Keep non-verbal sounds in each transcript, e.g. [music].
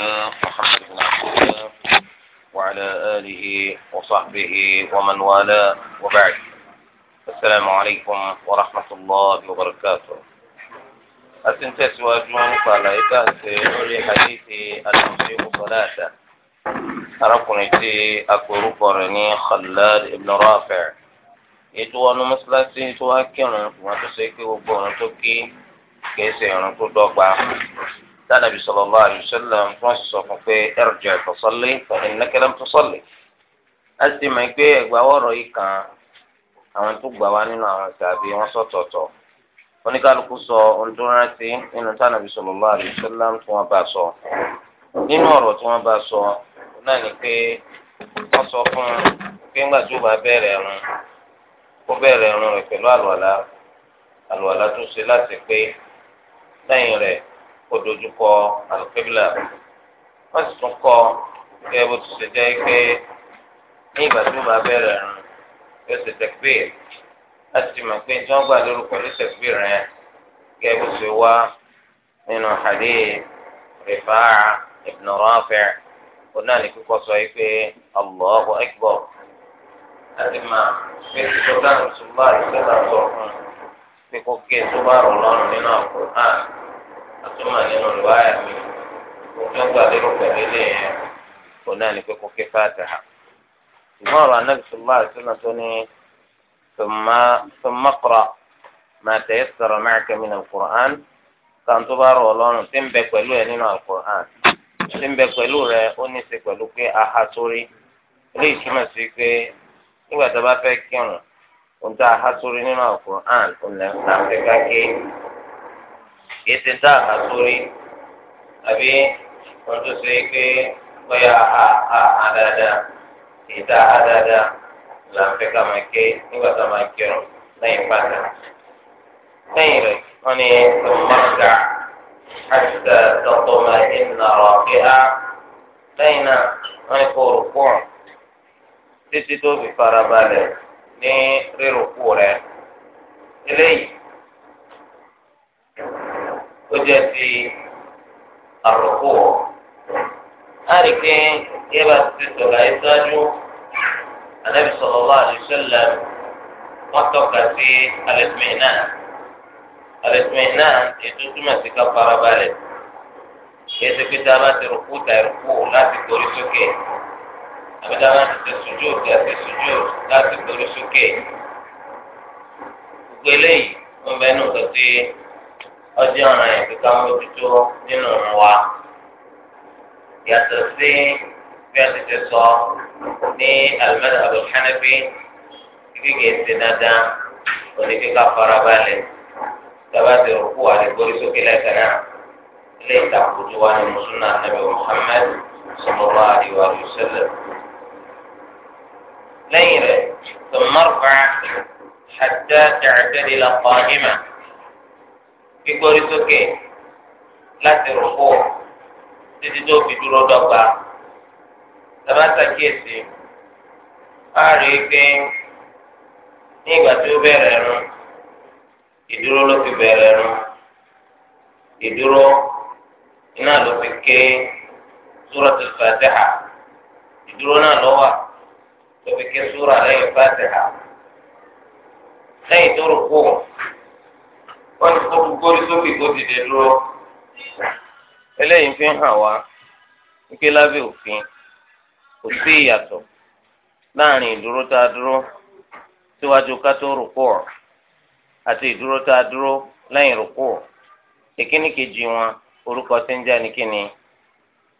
محمد بن عبد الله وعلى آله وصحبه ومن والاه وبعد السلام عليكم ورحمة الله وبركاته أسنت سواجون قال إذا لوري حديثي المسيء ثلاثة أركني تي أكورو قرني خلاد ابن رافع ètò ọ̀nà mọ́sálásí tó wá kírun wọn tó ṣe pé gbogbo ọ̀nà tó kí kìí tánàbí sallallahu alaihi wasallam fún ọsùn sọ fún pé irji' fa salli fa innaka lam tusalli a sì mọ̀ pé ẹgbàáwọ ọ̀rọ̀ yìí kan àwọn tó gbà wá nínú àwọn tàbí wọn sọ̀tọ̀ọ̀tọ̀ oníkálukú sọ ohun tó rántí nínú tánàbí sallallahu alaihi wasallam tí wọn bá sọ nínú ọ̀rọ̀ tí wọn bá sọ náà ni pé wọn sọ fún pé ńgbà tó bá bẹ̀rẹ̀ ẹrun kó bẹ̀rẹ̀ ẹrun rẹ̀ pẹ̀lú àlùwàlà àlùwàlà tó ṣe láti pé lẹ́yìn rẹ̀ kó dojúkọ a wọ́n sì tún bó ti ṣe pé ní ìgbà tí bá yóò ṣe láti ti pé tí gbà bó wá nínú náà ní sọ yìí pé láti àtúmọ̀ nínú ìwáyà mi tó gbà lérò pẹ̀lú yẹn kò náà ní pé kò ké fàtàhà. ṣùgbọ́n ọ̀rọ̀ na sọ̀rọ̀ àtúnà tó ní ma tayassara ma'aka min al-Qur'an bá rọ̀ ọlọ́run tí ń bẹ pẹ̀lú ẹ̀ nínú tí ń bẹ pẹ̀lú rẹ̀ ó ní ṣe pẹ̀lú pé aha sórí sí pé nígbà kì í ṣe dá àhà sórí àbí wọn tó ṣe pé bóyá àhà àhà dáadáa kì í dá àhà dáadáa là ń fẹ́ ká máa ké nígbà tá a máa kírun lẹ́yìn padà lẹ́yìn rẹ̀ wọ́n ní ọmọdé àtúntà tọkọmọ ìnà ọ̀kẹ́ á lẹ́yìn náà wọ́n ní kó rúkú títí tó fi farabalẹ̀ ní rírúkú rẹ̀ eléyìí ó jẹ́ ti àròkù ọ̀. láàrin pé yẹ́ bá ti sọ̀rọ̀ ayé sáájú anábì sallallahu alaihi wasallam wọ́n tọ́ka sí al-itminan al-itminan ètò túmọ̀ sí ká farabalẹ̀ yẹ́sẹ̀ pé tá a bá ti rùkú ta ìrùkú láti gorí sókè àbí tá ti tẹ sùjúù ta ti sùjúù láti gorí sókè gbogbo eléyìí wọ́n bẹ́ẹ̀ nù kàtí. ọjọ́ ọ̀ràn yẹn kíkà mójútó nínú òun wa yàtọ̀ sí bí a ti ti sọ ní al-madhhab al-hanafi kíkì èsì dandan òní kíkà balẹ̀ tàbá ti rúkú àdìgbòrí sókè lẹ́sẹ̀ náà ilé ìtàkùjú wa ni mùsùlùmí àtàbí Muhammad sallallahu alaihi wa sallam. ليلة ثم ارفع حتى تعتدل قائمة gbígbórí sókè láti rò pọ̀ títí tó fi dúró dọ́gba tàbá ṣàkíyèsí a rí i pé ní ìgbà tí ó bẹ̀rẹ̀ rún ìdúró ló fi bẹ̀rẹ̀ rún ìdúró iná ló fi ké Suratul Fatiha ìdúró náà lọ́wọ́ ló fi ké súra lẹ́yìn Fatiha lẹ́yìn tó rò wọ́n ti kókó gbórí sókè kó dìde dúró. eléyìí fi ń hàn wá wípé lábẹ́ òfin kò sí ìyàtọ̀ láàrin ìdúró tá a dúró síwájú ká tó rùkú ọ̀ àti ìdúró tá a dúró lẹ́yìn rùkú ọ̀ ìkíní kejì wọn orúkọ tí ń jẹ́ ni kí ni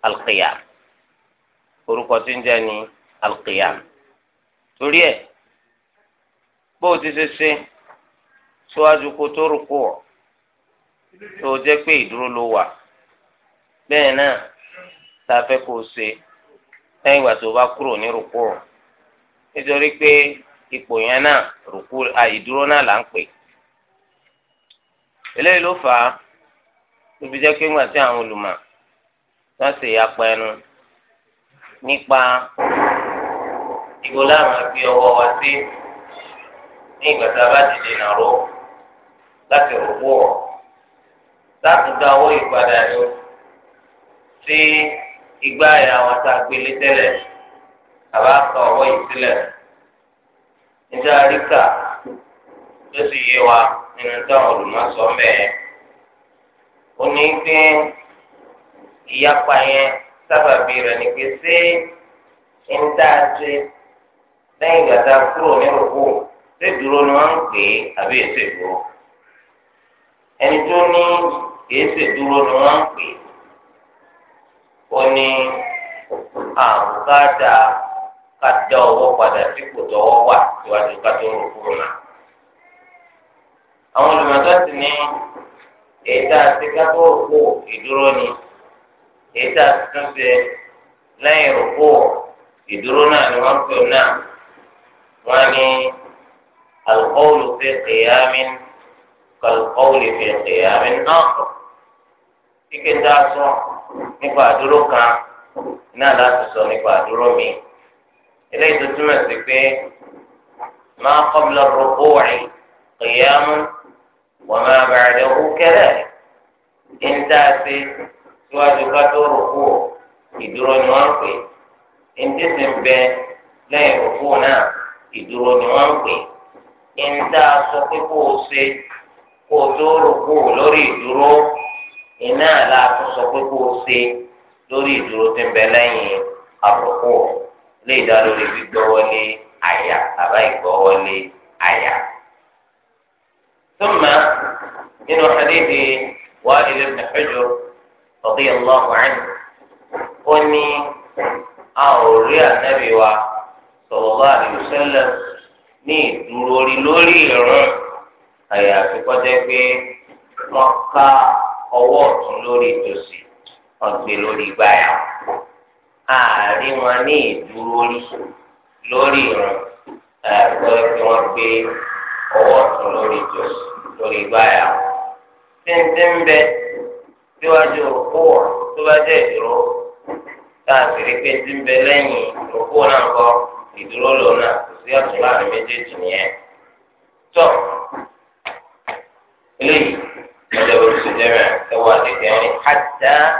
alqiyam orúkọ tí ń jẹ́ ni alqiyam torí ẹ̀ bó o ti ṣe ṣe síwájú kó tó rúkú ọ tó jẹ́ pé ìdúró ló wà bẹ́ẹ̀ náà tá a fẹ́ kó o ṣe lẹ́yìn ìgbà tó o bá kúrò ní rúkú ọ nítorí pé ipò yẹn náà rúkú àìdúró náà là ń pè eléyìí ló fà á níbi jẹ́ pé ńgbà tí àwọn olùmọ̀ wọ́n sì ya pẹ́ẹ́nu nípa ìgbó láwọn gbé ọwọ́ wa sí ní ìgbà tá a bá ti dènà láti rògbò ọ̀ láti gba owó ìpadà o sí ìgbà ẹ̀yà àwọn tá a gbélé tẹ́lẹ̀ àbá ọwọ́ yìí sílẹ̀ níta ríkà sì yé wa nínú táwọn olùmọ̀sọ́ mẹ́ẹ̀ ó ní pé ìyapa yẹn sábàbí rẹ̀ ni pé ṣé ń dá a ṣe lẹ́yìn ìgbà tá ẹni tó ní dúró ni wọ́n ń pè ó ní àǹkádà kájà owó padà sípò tọwọ́ wà síwájú kájọ òkúrò náà. àwọn olùmọ̀tọ́ sì ní èyí tá a ti kájọ òkú ìdúró ni èyí tá lẹ́yìn òkú ìdúró náà ni wọ́n pè náà kàlùkọ́wùlì fi ẹ̀kẹ́ àmì náà kíkẹ́ tá a sọ nípa àdúró kan náà láti sọ nípa àdúró mi eléyìí tó túmọ̀ sí pé máa kọ́bùlà rògbò wáyé kìyàmù wọ́n máa bàrẹ̀ owó kẹlẹ̀ ń dá sí síwájú ká tó rògbò ìdúró ni wọ́n ń pè ń tẹ̀sí ń bẹ lẹ́yìn rògbò náà ìdúró ni wọ́n ń pè ń sọ pé kó o ṣe kó o tó rò kó o lórí ìdúró iná la tún sọ pé kó o ṣe lórí ìdúró tó ń bẹ lẹ́yìn àròkọ lè dá lórí gbígbọ́wọ́lé àyà àbá ìgbọ́wọ́lé àyà. ثم من حديث والد ابن حجر رضي الله عنه أني أوري النبي صلى الله عليه وسلم ní ìdúró lórí ìrún àyàfi kọjá pé wọ́n ká ọwọ́ ọ̀tún lórí ìtòsí wọ́n gbé lórí báyà àárín wọn ní ìdúró lórí ìrùn àgbẹ̀ kí wọ́n gbé ọwọ́ ọ̀tún lórí ìtòsí lórí báyà tẹ́ńtẹ́ ń bẹ síwájú òkúwọ̀ tó bá jẹ́ ìdúró káàkiri pé ti ń bẹ lẹ́yìn òkúwọ̀ náà kọ ìdúró lòun náà kò sí ọ̀tún láàrin méjèèjì nìyẹn. tọ́ إليه مدبر الجمع سواد يعني حتى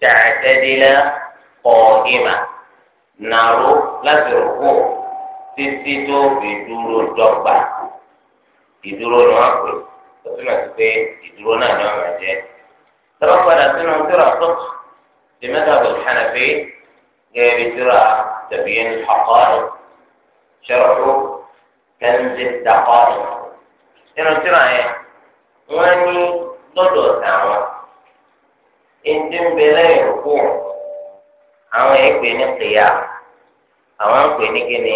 تعتدل قائمة نارو لا تركو تستيتو في دورو دقبا يدورو نواكو تسمع تبي يدورو نواكو مجال ترفض سنة ترى فقه لمذهب الحنفي جاي ترى تبين الحقائق شرحه كنز الدقائق إنه ترى إيه؟ يعني wọ́n ní lọ́dọ̀ táwọn ẹni ń bẹ lẹ́yìn òkú àwọn ẹ̀ pè ní kìyà àwọn ń pè ní kíni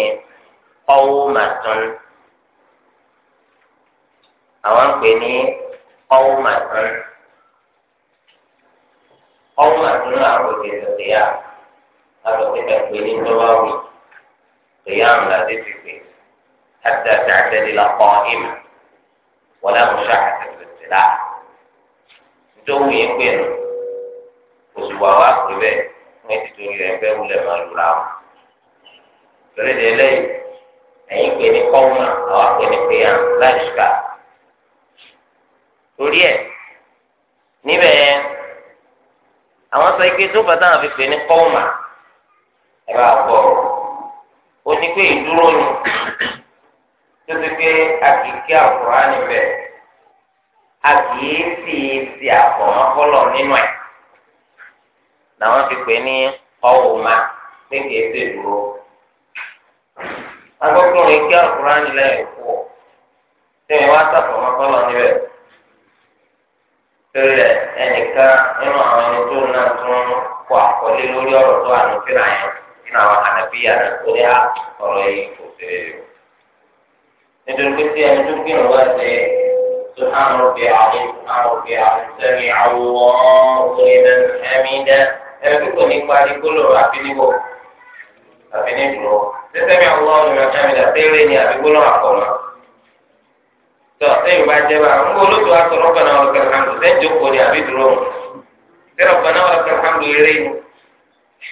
ọwọ́ màtún àwọn ń pè ní ọwọ́ màtún ọwọ́ màtún àwọn òkè ní kìyà àtọ̀tẹ̀ ẹ̀ pè ní tọ́wáwì kìyà ńlá ti fi pè hàtà tààtẹ̀ lílà kọ́ ìmọ̀ wọ́n náà mú sàkàtà ẹ̀ta dóhùn yẹn pé nù oṣù wà wá pè bẹ́ẹ̀ fún ẹtì tó yẹ fẹ́ wulẹ̀ máa lura o torí de lẹ́yìn ẹ̀yin pè ní kọ́mà àwọn pè ní péyà láìsíkà torí ẹ̀ níbẹ̀ yẹn àwọn sọ ike tó bàtà àwọn fi pè ní kọ́mà ẹ̀rọ àpọ̀ o ní pé ìdúró ni tó ti pé àkìkí àkùrá níbẹ̀ a kìí sì ṣe àfọmọkọlọ nínú ẹ làwọn ti pè ní ọwọma pé kìí ṣe dúró agbọkùnrin kí ọkùnrin nílẹ̀ ẹ̀kọ́ tẹmí wá sàfọmọkọlọ níbẹ̀ torí rẹ̀ ẹnìkan nínú àwọn ẹni tó náà tún kọ àkọlé lórí ọ̀rọ̀ tó wà ní fìlà yẹn nínú àwọn ànàbíyà náà tó yá ọ̀rọ̀ yìí kò ṣe nítorí pé tí ẹni tó kírun سبحان ربي العظيم سبحان ربي العظيم سمع الله لمن حمده ẹnìkò nípa ní gbólóhùn àfinibò àfinibò sẹsẹmi àwọn ọmọ àmìlà tẹ́lẹ̀ ní àfigbólóhùn àkọlọ tọ sẹ́yìn bá jẹ bá ń gbóló tó aṣọ rọgbọnà ọlọkẹ hàmdù sẹjọpọ ní àbídúró sẹrọgbọnà ọlọkẹ hàmdù eré ní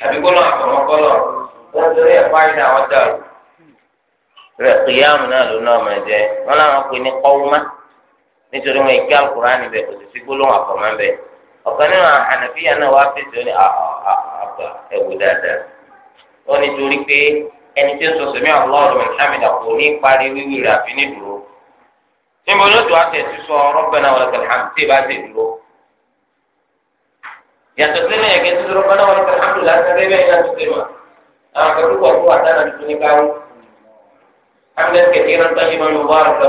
àfigbólóhùn àkọmọkọlọ wọn torí ẹ fáyì náà wọn dàrú rẹ kìyàmù náà ló náà mọ ẹjẹ wọn làwọn pè ní kọwúmá nítorí wọn ìgbé alukóra níbẹ̀ kò sì sí gbólóhùn àfọ̀mọ́ bẹ̀ ọ̀kan nínú ànàfíà náà wàá fèsì ní àbá ah, ah, ah, ẹ̀wù dáadáa wọn nítorí pé ẹni tí ó sọ sẹ́mi Allahu alhamida kò ní parí wíwí rẹ̀ àfi ní dúró níbo ló tó àtẹ̀ sísọ Rabbana walakal hamd tí ì bá ti dúró yàtọ̀ sílẹ̀ yẹn kí n tuntun Rabbana walakal hamd lásán rẹ̀ bẹ́ẹ̀ yàtọ̀ sílẹ̀ mọ́ àwọn akẹ́kọ̀ọ́ fún àtàlà tuntun ní káwọ́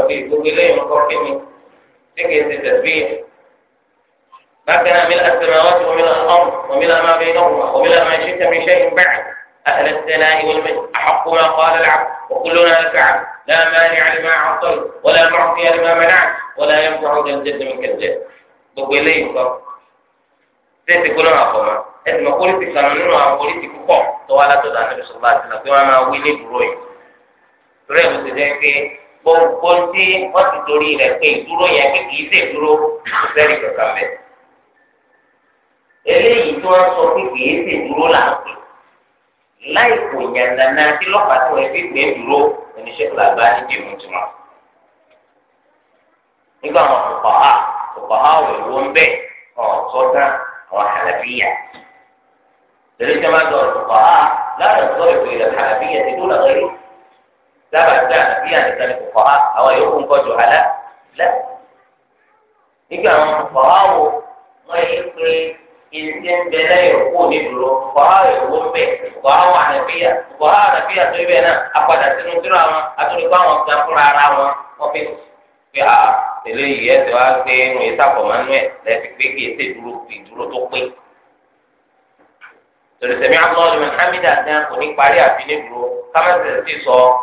àmì ذكر التسبيح فكان ملء السماوات وملء الأرض وملء ما بينهما وملء ما شئت من شيء بعد أهل الثناء والمجد أحق ما قال العبد وكلنا لك عبد لا مانع لما عصيت ولا معطي لما منعت ولا ينفع ذا الجد منك الجد gbogbo eléyìí kọ tẹsí kúlọ àpò ma ẹsì mọ pólítì kan nínú àwọn pólítì púpọ̀ tó wà látọ̀dọ̀ àti bísọ̀lá àti nàgbé wọn máa wí ní ìdúró yìí torí ẹ̀ bó ti gbogbo tí wọ́n ti torí rẹ̀ pé ìdúró yẹn pé kìí ṣe dúró sẹ́ni kankan bẹ́ẹ̀. eléyìí tí wọ́n sọ pé kìí ṣe dúró là ń pè láì kò yànnànà tí lọ́pàá tí wọ́n fi gbé dúró oníṣẹ́ ìlàgbá ní jìmù tiwọn. nígbà wọn kọ̀kọ̀ ha kọ̀kọ̀ ha wọ̀ ìwọ ń bẹ̀ ọ̀ sọ́dá ọ̀ lórí tí wọ́n bá dọ̀ kọ̀kọ̀ ha láàrín sọ́ọ̀rọ̀ ìwé dábàá tí a nàbí ànìkan ní kòkò ha àwọn yòókù ń kọjú alẹ́ lẹ́. nígbà àwọn kòkò ha wo wọ́n yí pé ìdí ń bẹ lẹ́yìn òkú ní dúró kòkò ha yóò wó bẹ̀ kòkò ha wà nàbíyà kòkò ha nàbíyà tó ibẹ̀ náà a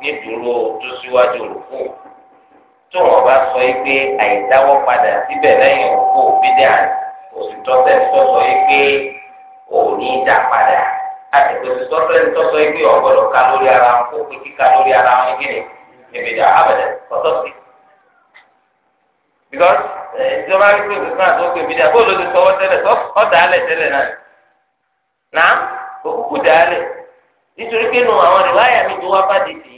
ní dúró tó síwájú rúkú tó wọn bá sọ yìí pé àìdáwọ́ padà síbẹ̀ lẹ́yìn rúkú bídẹ́ àná òsìtọ́sẹ́ sọ̀sọ̀ yìí pé òní dá padà àti òsìtọ́sẹ́ sọ̀sọ̀ yìí pé ọ̀gbọ́dọ̀ ká lórí ara wọn kó pé kíkà lórí ara wọn gíní ìbèdà abẹ̀dẹ̀ kọ́tọ́ sí. because tí wọ́n bá rí pé òsìtọ́ àti òkè bídẹ́ àbóòlù ti sọ wọ́n tẹ́lẹ̀ ọ̀dà alẹ̀ tẹ́lẹ̀ náà náà òkúkú dà alẹ̀ nítorí pé nù àwọn ìwáyà mi tó wá bá dìtì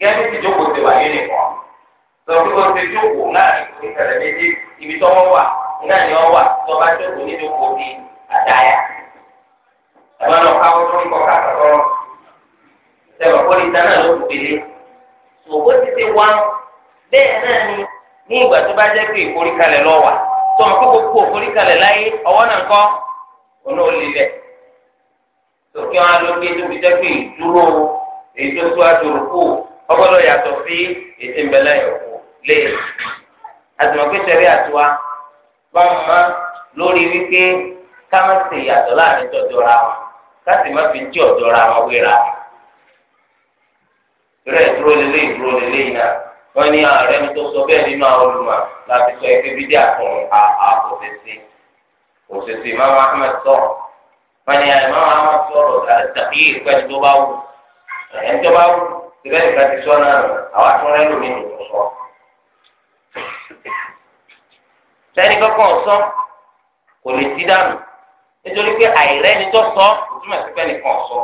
gẹ́gẹ́ bí ìjókòó ti wà uniform sọ̀rọ̀ pé kò ti jókòó náà ní kò ní méjì ibi tó wọ́n wà náà ni wọ́n wà tó bá jókòó ní jókòó di àdáyà. náà káwọ́ tó ń kọ́ kó ní ló kù délé. òwò ti ti wá bẹ́ẹ̀ náà ni ní ìgbà tó bá jẹ́ pé ìforíkalẹ̀ lọ wà kó gbogbo ìforíkalẹ̀ láyé ọwọ́ ọgbọ́dọ̀ yàtọ̀ sí ètò ìbẹ̀lẹ̀ ìwò lé àtìmọ̀pẹ́sẹ̀rí àtiwá bá wọn mọ́ lórí wípé ká má ṣe yàtọ̀ láàrin tọ̀dọ̀ ra wọn ká sì má fi jí ọ̀dọ̀ ra wọn wéra. ìrẹ́ ìdúró lélẹ́ ìdúró lélẹ́ yìí náà wọ́n ní ààrẹ mi tó sọ bẹ́ẹ̀ nínú àwọn olùmọ̀ láti sọ ẹgbẹ́ bídí àtọ̀run àkọ́sẹ̀sẹ̀ òṣèṣe máa wá má sọ̀rọ̀ wọ́n ní àìmáwá má sọ̀rọ̀ ìbẹ́ nìkan ti sọ náà àwọn atúnrẹ́ lómi ní ìfọ̀. sẹ́ni kankan sọ kò lè ti dànù nítorí pé àìrẹ́ni tó sọ òtúmọ̀ sí pé nìkan sọ.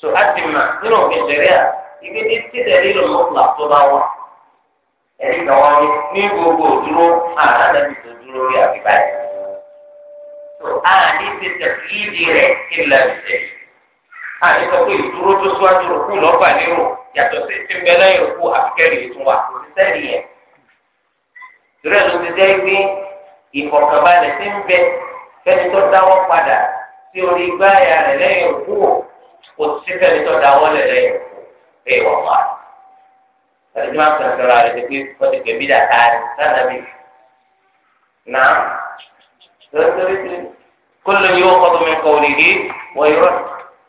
tó a ti mà nínú òfin ṣẹ̀ríà ibi tí títẹ̀ lílo mọ́tòlá tó bá wà ẹ̀rí kan wọ́n ní gbogbo òdúró àádọ́bí tó dúró rí àbíbáyé. tó a ní ti tẹ̀síìdì rẹ̀ kí n lè ṣe àní sọ pé ìdúró tó síwájú òkú lọ́gbà nírò yàtọ̀ sí ti ń bẹ lẹ́yìn òkú àfikẹ́rì ìtún wa kò sí sẹ́ẹ̀lì yẹn. ìrẹ́ ló ti jẹ́ pé ìfọ̀kànbalẹ̀ ti ń bẹ fẹ́ni tó dáwọ́ padà sí orí gbáàyà rẹ̀ lẹ́yìn òkú kò sí fẹ́ni tó dáwọ́ lẹ̀ lẹ́yìn òkú bẹ́ẹ̀ wà wá. tàbí máa rẹ̀ ti pé wọ́n ti pè dàtà rẹ̀ sádàbí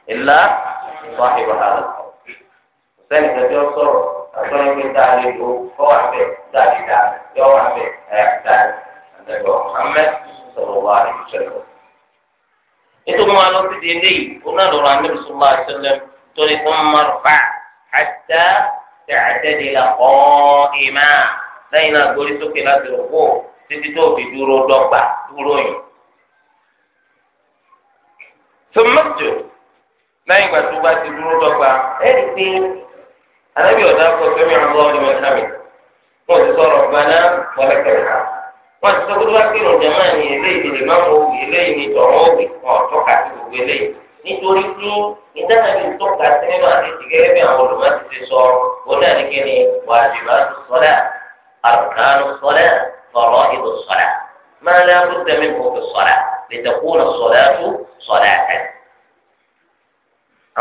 ìlà sọ àìbá àlọ sẹ́ni kẹjọ sọ̀rọ̀ àtọ́ni pé dáa lè bo kọ́ wà bẹ́ẹ̀ dáa lè dáa yọ wà bẹ́ẹ̀ ẹ̀ dáa àtẹ̀gbọ́ Muhammad sọ̀rọ̀ wà ní ìṣẹ̀lẹ̀. nítorí wọn lọ sí di eléyìí wọn náà lọ́rọ̀ àmì ìṣúná àṣẹlẹ̀ torí fún mọ́rùfà àtẹ tẹ̀tẹ̀dì là kọ́ ìmá lẹ́yìn náà gorí sókè láti rògbò títí tó fi dúró dọ́gba dúró yìí. sọmọ́tò lẹ́yìn ìgbà tó bá ti dúró dọ́gba ẹ̀rí pé anábì ọ̀dà kọ sẹ́mi àbúrò ọ̀dọ̀ mẹ́ta mi wọ́n ti sọ̀rọ̀ gbaná pọ̀lẹ́kẹ̀lẹ́ka wọ́n ti sọ pé tó bá kírun jama ni eléyìí lè má mọ òwì eléyìí ni tọ̀rọ̀ òwì kan tọ́ka sí gbogbo eléyìí nítorí pé ìdáná ti tọ́ka sí nínú àdéhùn gẹ́gẹ́ bí àwọn olùmọ̀ ti ti sọ òun àdéhùn ni wàjibà sọ́dà àrùkánu sọ́dà tọ̀rọ̀ ìlú sọ́dà máa lábùsẹ̀mí kò fi sọ́dà lè tẹ̀kú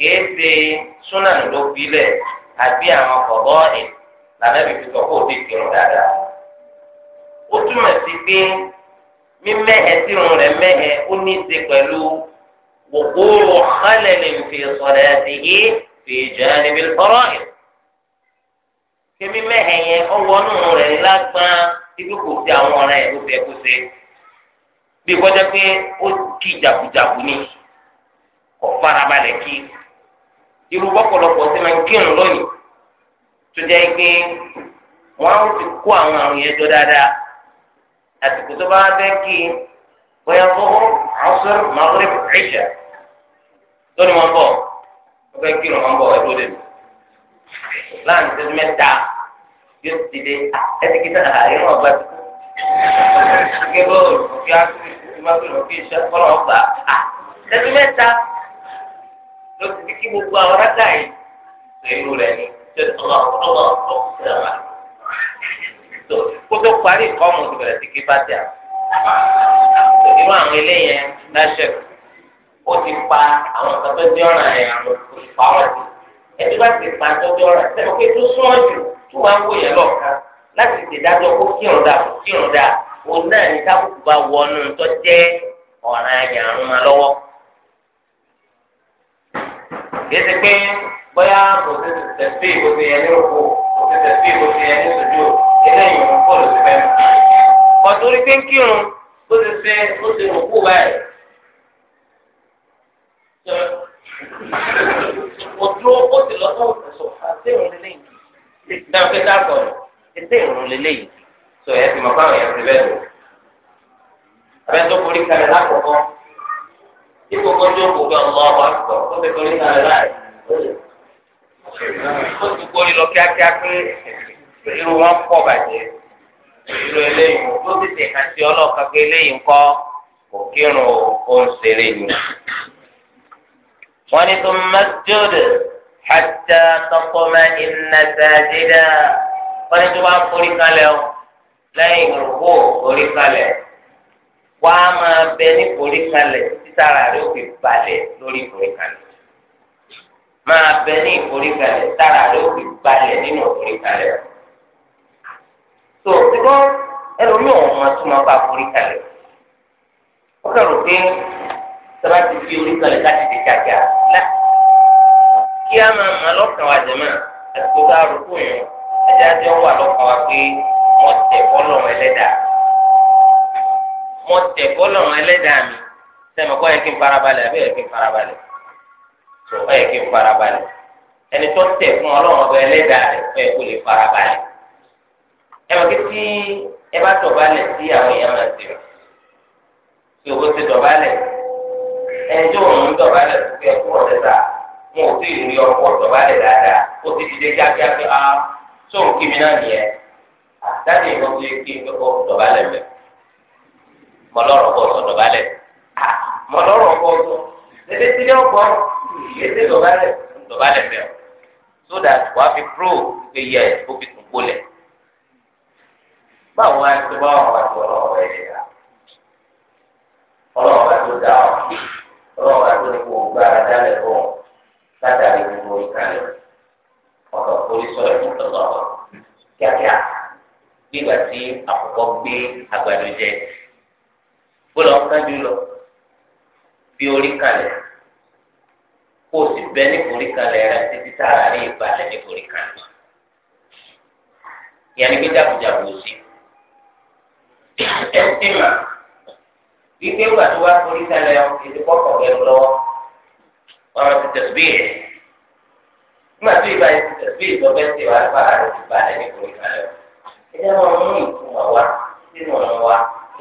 kìí ṣe súnà ló filẹ̀ àbí àwọn kọ̀ọ̀bọ́ọ̀nì lànàbí fi sọ kó o ti kírun dáadáa. ó túmọ̀ sí pé mímẹ́hẹ̀ sírun rẹ̀ mẹ́hẹ̀ ó ní í ṣe pẹ̀lú wòkúrò xalẹ̀lẹ̀ fi sọ̀rọ̀ àti yé fi jẹ́nibí ọ̀rọ̀ yìí. ṣé mímẹ́hẹ̀ yẹn ó wọnú rẹ̀ lágbán ibi kò sí àwọn ọ̀rẹ́ ẹ̀ ló fẹ́ kó ṣe. bí kọjá pé ó kí jàkújàkú ni kò farabalẹ̀ kí irú bọ́pọ̀lọpọ̀ sí máa ń kírun lónìí tó jẹ́ pé wọ́n á ti kó àwọn àrùn yẹn jọ dáadáa àsìkò tó bá fẹ́ kí bóyá fọwọ́ àwọn màwúrẹ́ ìṣà lónìí wọn bọ̀ wọ́n fẹ́ kírun wọn bọ̀ ẹ̀dọ́ lẹ́nu láàrin tó mẹ́ta yóò ti dé ẹ̀ẹ́dẹ́gẹ́ta àárín ọ̀gbà tó kébọ̀ òkè àti ìmọ̀gbẹ̀rẹ̀ òkè ìṣẹ́ kọ́lọ̀ ọ̀gbà ẹ̀dọ́ mẹ́ta ló ti di kí gbogbo àwọn rákà yìí lẹ́yìn rẹ̀ ni ṣe ọlọ́run ọlọ́run ọ̀sẹ̀ rà tó kó tó parí ìkọ́mù ti bẹ̀rẹ̀ sí kí bá dà irú àwọn eléyẹn láṣẹ ó ti pa àwọn kan tó dé ọ̀ràn ẹ̀ àwọn olùpa wọn ti ẹbí bá ti pa tó dé ọ̀ràn sẹ́nu pé tó súnmọ́ jù tó wàá ń wòye lọ́ọ̀kan láti ṣèdájọ́ kó kírun dà kó kírun dà òun náà ní sábùkù bá wọnú tó jẹ́ ọ̀ràn ẹ̀yàn àrùn máa lọ́wọ́ kéde pé bóyá kò sí tẹ̀sí kò sí yẹn ní òkú kò sí tẹ̀sí kò sí yẹn ní sòjú eléyìí òun kò ló ti fẹ́ mọ̀. kọ̀tùrí pé ń kírun ó ti ṣe ó ti òkú báyìí. Òdúró ó ti lọ sọ́wọ́ sọ̀rọ̀ àti ìrùn lélẹ́yìn. Dáhùn pé dáàbọ̀ ètè ìrùn lélẹ́yìn. Sọ ẹ̀ ti mọ̀ báwọn yẹn ti bẹ́ẹ̀ lò. Abẹ́ forí kalẹ̀ lákòókò ipò kọjú òkú bẹ ọmọ ọmọ àgbọ ó ti kọrí náà láì ó ti kórí lọ kíákíá pé irú wọn pọ̀ bàjẹ́ irú eléyìí ó ti tẹ àti ọlọ́ọ̀kan pé eléyìí ń kọ́ kò kírun ó ń ṣeré ni. wọ́n ní tó mẹ́jọ́dẹ̀ hatta taquma inna sajida wọ́n ní tó bá ń forí kalẹ̀ o lẹ́yìn ìrùkú forí kalẹ̀ o wà á máa bẹ ní ìforíkalẹ̀ títara rẹ̀ ó fi balẹ̀ lórí ìforíkalẹ̀ máa bẹ ní ìforíkalẹ̀ tára rẹ̀ ó fi balẹ̀ nínú ìforíkalẹ̀ tó síbọ̀ ẹlòmíì ọ̀hún máa tún máa bá ìforíkalẹ̀ ó kẹrù pé sábà ti fi oríkalẹ̀ láti fi jàjà lá kí á máa mọ lọ́kàn wa jẹ̀ máa àti kó bá rúkú yẹn ẹjẹ́ ajọ́ wà lọ́kàn wa pé wọ́n tẹ̀ fọ́lọ́ ẹlẹ́dàá mo tẹ̀ fọlọ́run ẹlẹ́dàá mi sẹ́mi kọ́ yẹ kí n farabalẹ̀ àbí yẹ kí n farabalẹ̀ tó ọ yẹ kí n farabalẹ̀ ẹni tó tẹ̀ fún ọlọ́run ọba ẹlẹ́dàá rẹ̀ ọ yẹ kó lè farabalẹ̀ ẹ mọ̀ kí tí ẹ bá tọ̀balẹ̀ sí àwọn èèyàn máa ti rẹ̀ tí owó ti tọ̀balẹ̀ ẹni tó ń tọ̀balẹ̀ fún ẹ kúrò lẹ́sà wọn ò tí rí ọkọ tọ̀balẹ̀ dáadáa ó ti dìde kíákíá pé a tó ń kí mi náà nìyẹn ah, àtàlẹ́ ìmọ̀ tó kí n tọ̀balẹ̀ mẹ́ta mọlọrọ bọ sọdọ balẹ mọlọrọ bọ sọ ẹbí tí yóò gbọ́ ẹsẹ dọ̀bálẹ̀ dọ̀bálẹ̀ bẹ ọ so that wàá fi pro pé yẹ ó fi tún kólẹ báwo wá ṣe bá wọn wá sí ọlọ́rọ̀ rẹ yẹ ká ọlọ́rọ̀ bá tó dá ọ ọlọ́rọ̀ bá tó ní kó gbára dálẹ fún ọ látàrí gbogbo ìkàlẹ ọ̀dọ̀ orí sọ̀rọ̀ ìmọtò lọ́wọ́ kíákíá nígbà tí àkọ́kọ́ gbé àgbàdo gbọ́dọ̀ kájú lọ bí orí kalẹ̀ kó o sì bẹ ní orí kalẹ̀ rẹ títí tára rí ìbalẹ̀ ní orí kalẹ̀ ìyẹn ni pé jàpùjàpù ò sí ẹtí mà wípé wà tó wá orí kalẹ̀ ètò kọkọ rẹ lọ́wọ́ ọ̀rọ̀ ti tẹsí ẹ nígbà tó ìbá yẹn ti tẹsí ìtọ́gbẹ́ ti wà fara rẹ ti balẹ̀ ní orí kalẹ̀ ẹ jẹ́ wọn mú ìtumọ̀ wá sínú ọ̀nà wa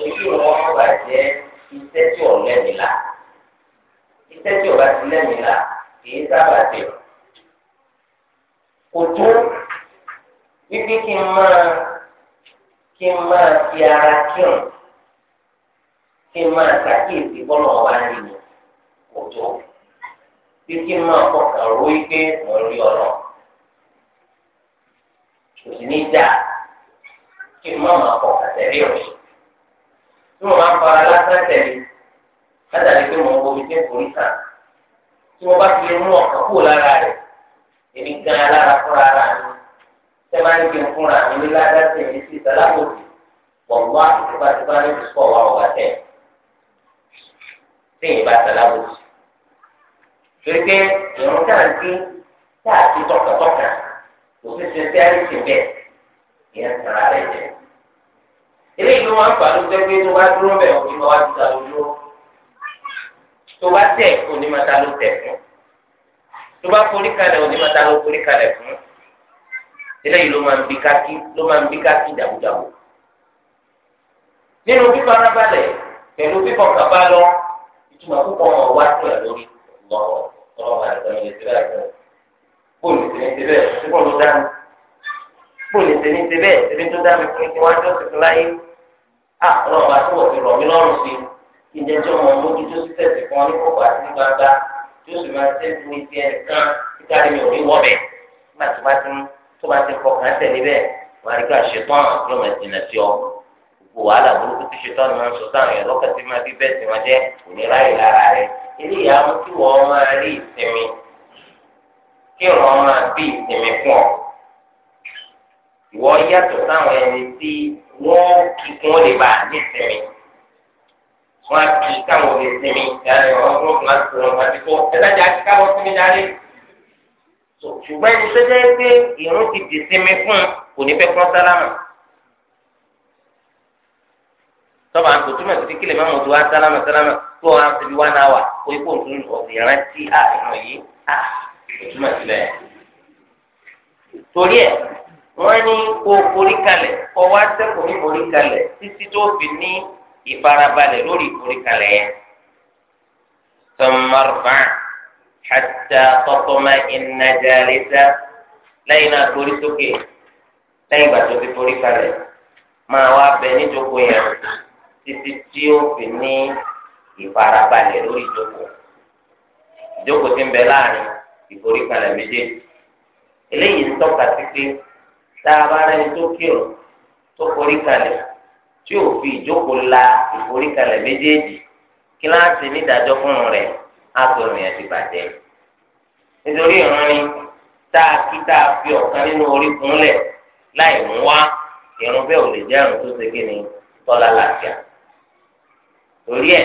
èyí wọn bá jẹ́ iṣẹ́ tí ò lẹ́mìí la iṣẹ́ tí ò bá ti lẹ́mìí la kìí sábà tẹ̀ kò tó wípé kí n máa kí n máa fi ara kírun kí n máa ṣàkíyèsí bọ́lọ̀ ọba ní mi kò tó bí kí n máa fọkàn ró wípé mo rí ọ̀nà kò sí ní dáa kí n máa máa fọkàn tẹ̀lé òṣì tí mo máa ń fara lásán tẹ̀lé látàrí pé mo ń bomi tí ń forí sàn tí mo bá fi lè mú ọ̀kan kúrò lára rẹ̀ èmi gan alára fúnra ara mi tẹ́ máa ń gbé fúnra mi ní ládàsí mi sí ìsàlámòsì wọ̀wá tipátipá ní ìsúkọ̀ wa ọ̀gá tẹ̀ tí ìyẹn bá sàlámòsì. torí pé ìrún káàkiri táàkiri tọkàtọkà kò sí ṣe sí àìsí bẹ́ẹ̀ ìyẹn sara rẹ̀ jẹ́ eléyìí ló máa ń fà ló jẹ́ pé tó bá dúró bẹ̀ òní máa wá ti ta lójú tó bá tẹ̀ òní máa ta ló tẹ̀ fún tó bá forí kalẹ̀ òní máa ta ló forí kalẹ̀ fún eléyìí ló máa ń bí kákí ló máa ń bí kákí jàbùjàbù nínú fífarabalẹ̀ pẹ̀lú fífọkàbá lọ ìtumọ̀ púpọ̀ wọn wá sí ẹ̀ lórí lọ́wọ́ ọlọ́wọ́ àìsàn ilé ti bẹ́ẹ̀ fún bóòlù sí ní ti bẹ́ẹ̀ síbọ̀ ló dá mi bóòlù sí ní ti bẹ́ẹ̀ tó dá mi fún ìwájú ọ̀sìn láyé à ah, ọlọ́ba tí wọ́n ti rọ̀ mí lọ́rùn sí kí n jẹ́ tí ọmọ mojú tó sì tẹ̀sí fún ọ ní kókó àti ní gbangba tí ó sì máa tẹ̀sí ní ti ẹnìkan tí káàdì mi ò ní wọ́bẹ̀ nígbà tó bá ti ń tó bá ti ń kọ kàn tẹ̀lé bẹ́ẹ̀ wọ́n á rí ká ṣetán ló máa jìnà sí ọ gbogbo wàhálà burúkú tí ṣetán ni wọ́n sọ sáwọn èèyàn lọ́kàn tí máa bí bẹ́ẹ̀ tí wọ́n jẹ́ kò ní ráyè lára rẹ̀ eléyà mú wọ́n máa wọ́n kí kí wọ́n lè bá nísìnyí wọ́n á kí káwọn lè sinmi dáre ọ̀rọ̀ tó kàn án sọ̀rọ̀ àti kó ẹ̀dájà kí káwọn sinmi dáre. ṣùgbọ́n ẹni tó jẹ́ pé ìrún ti dì sinmi fún kò ní fẹ́ kọ́ sálámà. tọ́ba àti òtún mẹ́tò kíkìlẹ̀ máa mọ̀ tó wá sálámà sálámà tó wá ti fi wá náà wà kó ipò òtún ọ̀sìn rántí àìmọ̀ ah, yìí òtún mẹ́tò lẹ́yìn wọ́n ní kó foríkalẹ̀ kó wá sẹ́kọ̀ọ́ ní foríkalẹ̀ títí tó fi ní ìfarabalẹ̀ lórí foríkalẹ̀ yẹn. sọmọrùbá hatta tọkọmọ ìnajalẹsẹ lẹ́yìn náà forí sókè lẹ́yìn ìgbà tó ti foríkalẹ̀ máa wá bẹ níjókòó yẹn títí tí ó fi ní ìfarabalẹ̀ lórí ìjókòó ìjókòó ti ń bẹ láàrin ìforíkalẹ̀ méjèèjì eléyìí ń tọ́ka sí pé tá a bá rẹni tó kírun forí kalẹ̀ tí ò fi ìjókòó la ìforí kalẹ̀ méjèèjì kíláàsì nídàájọ́ fún rẹ̀ á sọ ìrìn àti bàjẹ́ nítorí ìrún ni tá a kí tá a fi ọ̀kan nínú orí kúnlẹ̀ láì mú wá ìrún bẹ́ẹ̀ ò lè jẹ́ àrùn tó ṣe kí tọ́lá làásìá torí ẹ̀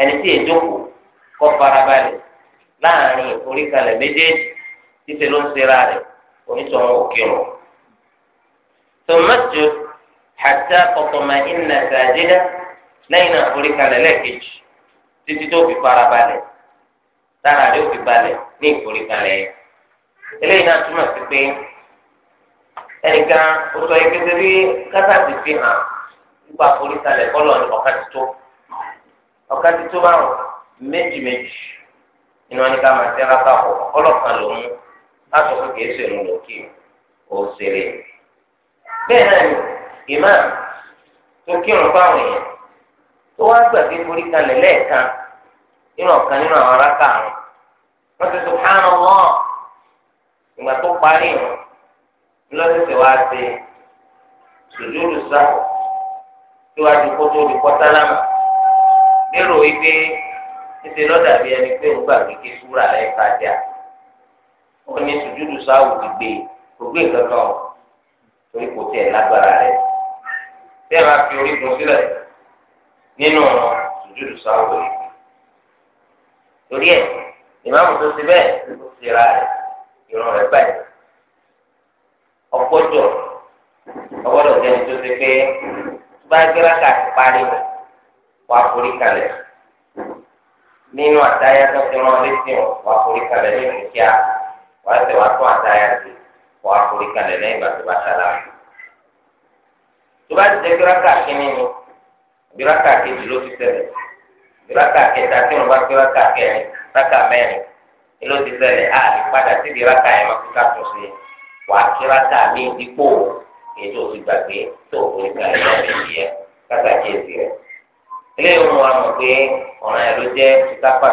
ẹni tí èjókòó kọ́ farabalẹ̀ láàrin ìforíkalẹ̀ méjèèjì títí ló ń ṣera rẹ̀ onítọ̀hún òkè ọ̀rọ̀. ثم اسجد حتى تطمئن ساجدا lẹ́yìn náà na kalẹ̀ lẹ́ẹ̀kejì títí tó fi fara balẹ̀ tára rẹ̀ ó fi balẹ̀ ní ìforí kalẹ̀ yẹn eléyìí náà túmọ̀ sí pé ẹnìkan ó sọ yìí kété bí kátà ti fi hàn nípa forí kalẹ̀ kọ́lọ̀ ní ọ̀ká ti bẹ́ẹ̀ náà ni imam tó kírun fáwọn èèyàn tó wá gbàgbé forí kalẹ̀ lẹ́ẹ̀kan nínú ọ̀kan nínú àwọn aráka àrùn wọ́n ti subhanallah ìgbà tó parí ìrùn lọ́sẹ̀sẹ̀ wá sí sùjúdù sáà tí wàá di kótó di kọ́tálámà lérò wípé títí lọ́dà bí ẹni pé ń gbà kéke súra ẹ̀ kájà ó ní sùjúdù sáà wò ti gbé kò torí kò tẹ̀ lágbára rẹ̀ tẹ́ ẹ máa fi orígun sílẹ̀ nínú sùjúdù sáwọ́ yìí torí ẹ̀ ìmáàmù tó ti bẹ́ẹ̀ kò sí ra rẹ̀ ìran rẹ̀ báyìí ọgbọ́dọ̀ ọgbọ́dọ̀ jẹ́ni tó ti pé bá gbéra ká ti parí wà forí kalẹ̀ nínú àtayá tó ti rán létí wọn wà forí kalẹ̀ nínú kíá wà á tẹ̀ tó àtayá sí i wàá forí kalẹ̀ lẹ́yìn ìgbà tó bá sálámà tó bá ti jẹ́ bíraka kínní ni bíraka kejì ló ti ṣẹlẹ̀ bíraka kẹta tí wọn bá bíraka kẹrin bíraka mẹ́rin ni ló ti ṣẹlẹ̀ a lè padà sí bíraka yẹn máa fi ká tún sí wàá bíraka ní dípò èyí tó ti gbàgbé tó forí kalẹ̀ lẹ́yìn ìyẹn kátà kéèsì rẹ̀ eléyìí wọn mọ̀ pé ọ̀ràn ẹ̀ ló jẹ́ kápá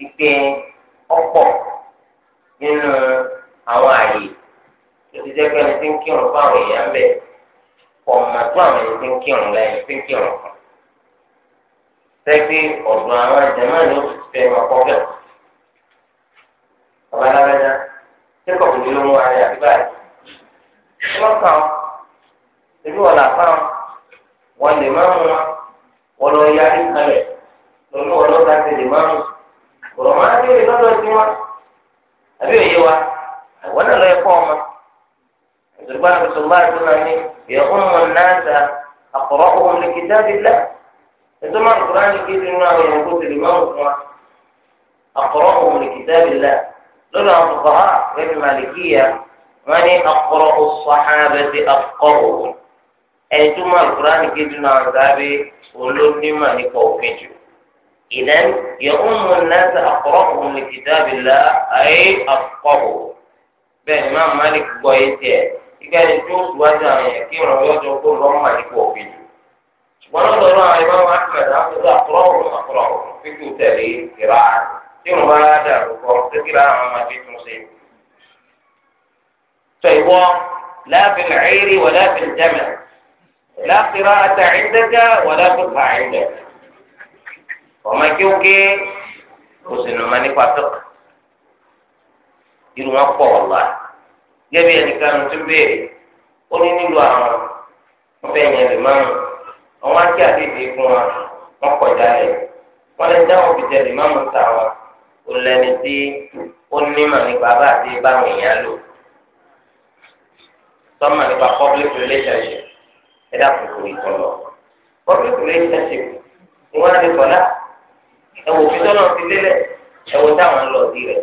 wípé ọ̀pọ̀ nínú àwọn àyè tó jẹ́ pé ẹni tí ń kírun fún àwọn èèyàn bẹ̀ ọ̀nà tó àwọn ẹni tí ń kírun lẹ́yìn tí ń kírun fún. Sẹ́gbẹ́ ọ̀dùn àwọn ìjẹ̀mọ́ ni ó ti fẹ́ wọn kọ́ bẹ̀. Bàbá Lábẹ́dá, Jacob ní ló mú wa rẹ̀ báyìí. Wọ́n kàn án, ebi wọn là fáwọn, wọn lè má mú wọn, wọn lọ yarí kalẹ̀, lọ́nà wọn lọ́ta ti lè má mú. Kòròmọ́ á dé lọ́dọ̀ sí wọn, àbí òye wa. àwọn náà lọ yẹ kọ́ ọmọ ìṣòro bá nàbẹ̀sọ̀ bá àdúrà náà ní yẹ ọmọ náà ta àkọ́rọ́ ọmọ ní kìtá bí lẹ́ ẹ̀tọ́ máa ń kúrò ní kí nínú àwọn èèyàn kó tèlè máa ń fún wa àkọ́rọ́ ọmọ ní kìtá bí lẹ́ lọ́dọ̀ àwọn kọ̀kọ́ ha rẹ́ni màlìkíyà wọ́n ní àkọ́rọ́ ọ̀sọ̀ wa bẹ́ẹ̀ ti àkọ́ ní kí nínú àwọn sábẹ́ olónímọ̀ nípa òfin jù إذا يؤم الناس أقرأهم لكتاب الله أي أفقهوا bẹ́ẹ̀ ni máa Malik gbọ́ yé tiẹ̀ ìgbà yẹn tó wájú àwọn yẹn kí wọn yọjọ kó lọ́ọ́ Malik wọ̀ bí ju. ṣùgbọ́n lọ́dọ̀ ọ̀rọ̀ àwọn ìmáàmù Ahmed àkókò àkọ́rọ̀wọ̀ àkọ́rọ̀wọ̀ fíkù tẹ̀lé ìrà tí wọn bá yá dà lóko síkìlá àwọn ọmọdé tún ṣe. tọ ìwọ láàbì lẹ́ẹ̀rí wà láàbì jẹ́mẹ̀ láàkìrá àtàrídẹ́gà wà láàbì pààyẹ̀ ọmọ kéwké òsì irun wọn pọ̀ wọ́lá gẹ́gẹ́ ẹnìkan tó béèrè ó ní nílò àwọn wọn fẹ́ yẹn lè máa ń àwọn akí àdéhìí fún wa wọn kọ̀ jálẹ̀ wọn lè dá wọn fìjẹ lè máa ń ta wa ó lẹni tí ó nímọ̀ nípa bá àti báwọn èèyàn lò sọ́mọ̀ nípa public relationship ẹ̀dá kòkòrò ìtọ̀lọ̀ public relationship ni wọ́n á lè kọ́ lá ẹ̀wò fi tọ́lọ̀ fi lélẹ̀ ẹ̀wò táwọn lọ sí rẹ̀.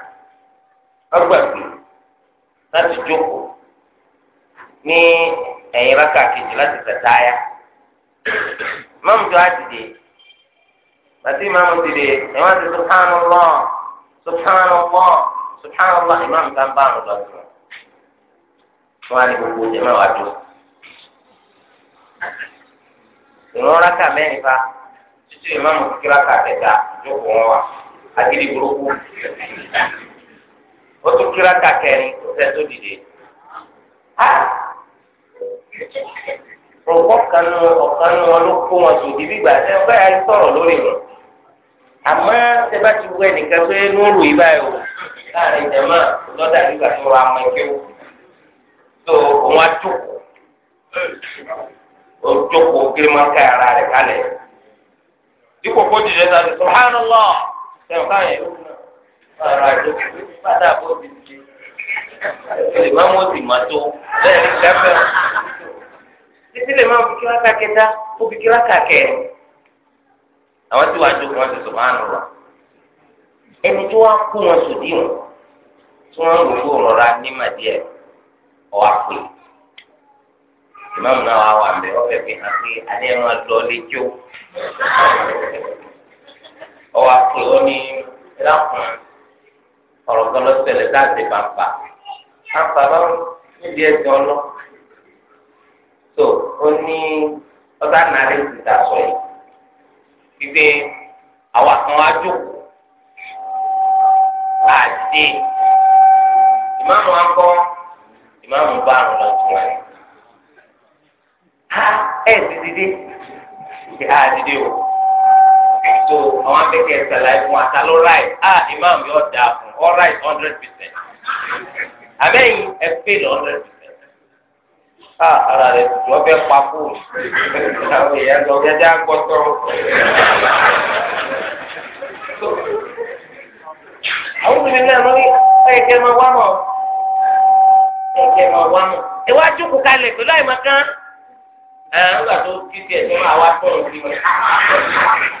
ọgbà láti jókòó ní ẹ̀yìn rákà kejì láti tẹ̀táyà mọ́mú tó á dìde bàtí mọ́mú dìde ẹ̀wọ́n ti subhanallah subhanallah subhanallah ń bá lọ ní gbogbo tó mẹ́rin fa títí kíkí jókòó wọn wá àgídí burúkú. ó tún kíra kàkẹrin ọsẹ tó dìde á rògbò kanu ọkanu wọn ló kó wọn sòdì bígbà ẹ ọgbà yà sọ̀rọ̀ lórí wọn àmọ́ ṣe bá ti wọ ẹnìkan pé nùrù yìí báyìí o láàrin jẹmọ lọdà nígbà tí wọn amọ ẹgbẹ́ wò tó òun àjòkò òjòkò gírímọkà ara rẹ̀ kalẹ̀ dípò kó dìde ta ni subhanallah ṣe ń báyìí lókun náà. ọ̀rọ̀ àjò bàtà bó ti di ìlè máa ń wọ́n ma tó bẹ́ẹ̀ ní kápẹ́ títí lè máa fi kíra kàkẹ́ta ó kàkẹ́ àwọn tí wàá jókòó wọn ti wa ẹni tí wàá kú wọn sòdí wọn tí wọn ń rògbò rọra ní màdíẹ àpè ìmáàmù náà wà wà hàn pé alẹ́ máa lọ ọ̀rọ̀ kan lọ ṣẹlẹ̀ láti pàpà pàpà bá níbi ẹsẹ̀ ọlọ́ tó ó ní ọba nàárẹ̀ ti dà sọ yìí wípé àwa kan wá jókòó àti ìmáàmù wa kọ́ ìmáàmù bá àrùn lọ sí wọn. ẹ ẹ ti dìde ẹ á o so àwọn akẹ́kẹ́ ẹ̀sẹ̀láì fún wa ta ló ráì á ah, imam yóò dáa fún ọ ráì hundred percent abẹ́yìn ẹ pè lọ hundred percent á ah, ara rẹ̀ tuntun ọbẹ̀ pa fóònù àwọn èèyàn lọ gẹ́gẹ́ agbọ́tọ́ àwọn obìnrin náà lórí ẹ̀kẹ́ máa wá mọ̀ ẹ̀kẹ́ máa wá mọ̀ ẹ wá jókòó kalẹ̀ pẹ̀lú àìmọ̀kan ẹ̀ ń gbà tó kí tiẹ̀ tó máa wá tọ̀rọ̀ sí i.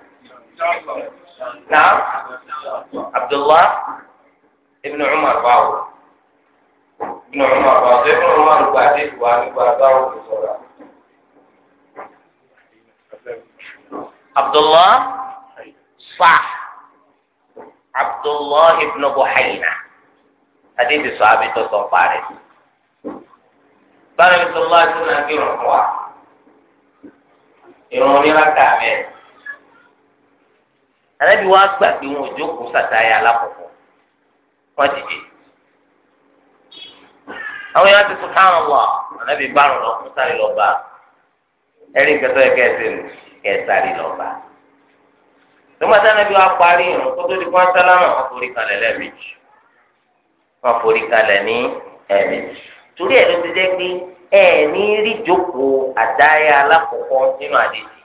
Naam Abdullah ibn Umar báwo ibn Umar báwo ṣé ibn Umar gba dé ìwà nígbà báwo ló sọ̀rọ̀. Abdullah صح عبد الله بن بحينه حديث صحابي تصور فارس بارك الله فيكم يا رب ìrún oníraka mẹ́rin anabi wa gbà pé wọn ò jókòó sàtáyà alákọ̀ọ́kọ́ wọn dìde àwọn yàrá ti subhanallah anabi bárò lọ kó sáré lọ bá ẹrí kẹtọ yẹ kẹsẹ nù kẹsàrí lọ bá tòmátà anabi wa parí irun kótó di kwan sálámà wọn forí kalẹ̀ lẹ́ẹ̀mejì wọn forí kalẹ̀ ní ẹ̀ẹ̀mejì torí ẹ ló ti jẹ pé ẹ ní rí jókòó àdáyà alákọ̀ọ́kọ́ nínú àdéjì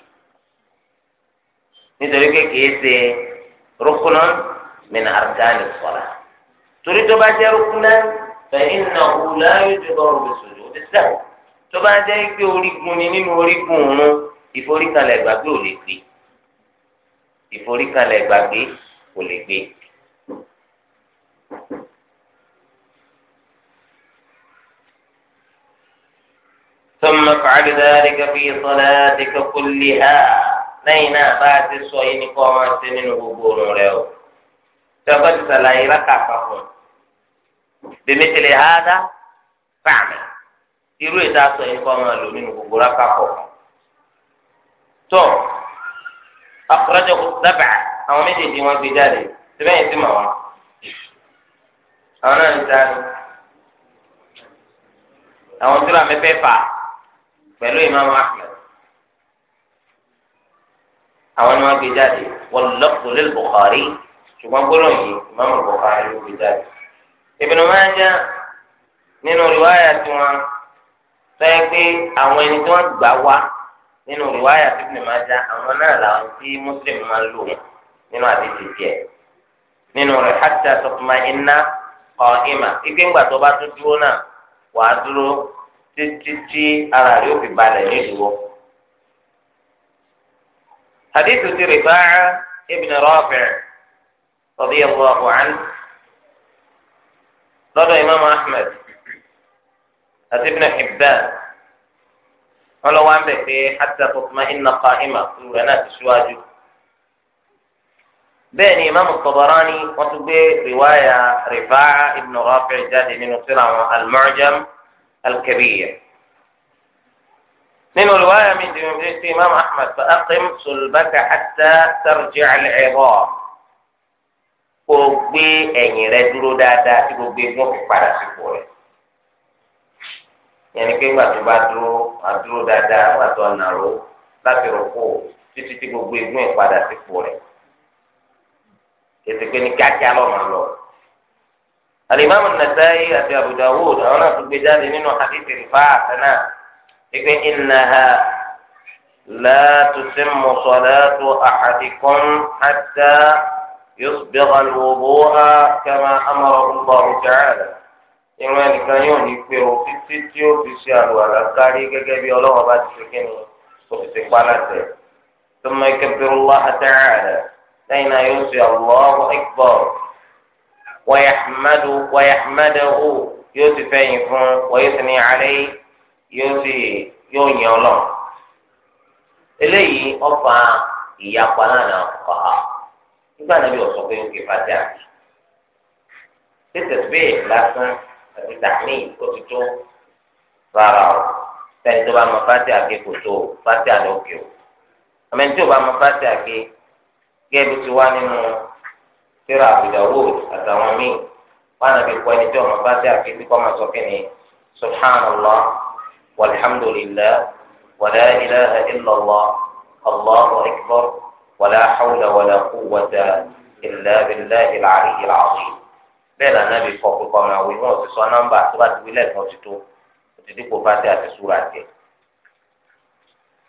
nítorí pé kìí ṣe rukunan min arkani sọlá torí tó bá jẹ́ rukunan fa innahu la yujbaru bi sujudi sahwi tó bá jẹ́ pé orígun ni nínú orígun òun ìforíkalẹ̀ gbàgbé ò lè gbé ìforíkalẹ̀ gbàgbé ò lè gbé. ثم افعل ذلك في صلاتك كلها lẹ́yìn náà bá a ti sọ yìí ní kó o máa ṣe nínú gbogbo òrùn rẹ o tí a bá ti sàlàyé rákàkà fún un bèmí tẹlẹ àádá fàmì irú ìta sọ yìí kó o máa lò nínú gbogbo rákàkọ tó akọrọjọ kò dábàá àwọn méjèèjì wọn gbé jáde síbẹ̀yìn sí màwọn àwọn náà ń ta àwọn tíra mẹfẹ fà pẹ̀lú ìmáàmù Ahmed àwọn ni wọ́n gbé jáde wọ́n lọ́kùn lé Bukhari ṣùgbọ́n gbọ́dọ̀ yìí ìmáàmù Bukhari ló gbé jáde. Ibn Majah nínú rìwáyà tiwọn sọ́yẹ́ pé àwọn ẹni tí wọ́n gbà wá nínú rìwáyà tí Ibn Majah àwọn náà làwọn tí Muslim máa ń lò nínú àdéhùn tiẹ̀ nínú rẹ̀ hatta tatma'inna qa'ima ike ńgbà tó bá tó dúró náà wàá dúró títí tí ara rẹ̀ ó fi balẹ̀ nídùúró. حديث رفاعة ابن رافع رضي الله عنه قال إمام أحمد ابن حبان ولو عم حتى تطمئن قائمة ولنا تشواجه بين إمام الطبراني وتبي رواية رفاعة ابن رافع جاد من المعجم الكبير من olùwáyà mi ti fi ti فأقم صلبك حتى ترجع sulbaka hatta tarji'a al-'idham kó gbé ẹ̀yìn rẹ dúró dáadáa tí gbogbo egun fi padà sípò rẹ yẹn ni pé ńgbà tó bá dúró wà dúró dáadáa ńgbà tó nàró láti rò kó títí tí gbogbo egun padà sípò rẹ ètò pé ní kíákíá lọ́mọ lọ. alimami Nasa'i àti Abu Dawud àwọn náà nínú hadith rìfáà kan ìpè ìnáha látúnṣe mùsọ̀lẹ́tù àhàdìkún àdá yóò bẹ̀rẹ̀ lóbó á kẹ́mà amọ̀rọ̀ ọ̀gbọ̀rọ̀ jàrẹ̀. ìrún ẹnìkan yóò ní pé o títí tí ó fi ṣe àlùwàlá kárí gẹ́gẹ́ bí ọlọ́wọ́ bá ti ṣe kí ni ó fi ṣe pa láti. tó máa kẹ́kẹ́rù wá àtẹ̀rẹ̀ lẹ́yìn náà yóò ṣe Allahu Akbar wàyàmẹ́dù wàyàmẹ́dù yóò ti fẹ́yìn fún wàyẹ̀sìn yóò sì yóò yan ọ náà eléyìí ọfà ìyapa lánàá ha nígbà ọsọ pé ó ké fàtí àti tètè bẹ́ẹ̀ lásán àti tàmí kótótó rárá o sẹ́ni tó bá mọ fàtí àké kòtó fàtí àlọkè o àmẹni bá mọ fàtí ti wá nínú tíra àbùdá àtàwọn míì wọn àbí kọ ẹni tó mọ fàtí àké kíkọ́ máa sọ kí والحمد لله ولا إله إلا الله الله أكبر ولا حول ولا قوة إلا بالله العلي العظيم bẹ́ẹ̀ nàbì kọ́ pípọ́ ọmọ àwọn ìwọ̀n ti sọ nọ́mbà tó bá ti wí lẹ́ẹ̀kan ti tó ti dípò fàtí àti súra jẹ.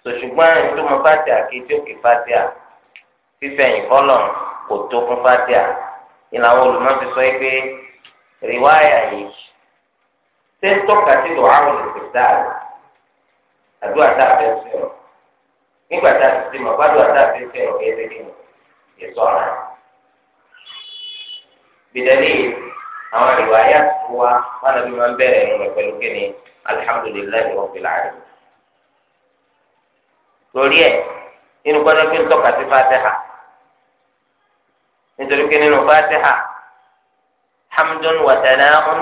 sòṣùgbọ́n ẹni tó mọ fàtí àkéjì òkè fàtí à fífẹ̀yìn kò tó fún fàtí ìlànà olùmọ̀ ti sọ pé rìwáyà yìí ṣé ń tọ́ka sí lọ àwọn ìṣẹ̀dáàlì àdúrà tá a fẹ́ sọ̀rọ̀ nígbà tá a ti sè mọ̀ gbádùn àdúrà tá a fẹ́ sọ̀rọ̀ kí ẹ fẹ́ kí ni èso àwọn àríwá ayé àtúntò wa wọn àbí máa ń bẹ̀rẹ̀ ẹ̀rọ rẹ̀ pẹ̀lú kí ni alihamudulilayi rabbil alamin. torí ẹ̀ inú gbọ́dọ̀ pé ń tọ́ka sí fatiha nítorí pé nínú fatiha hamdun wa sana'un.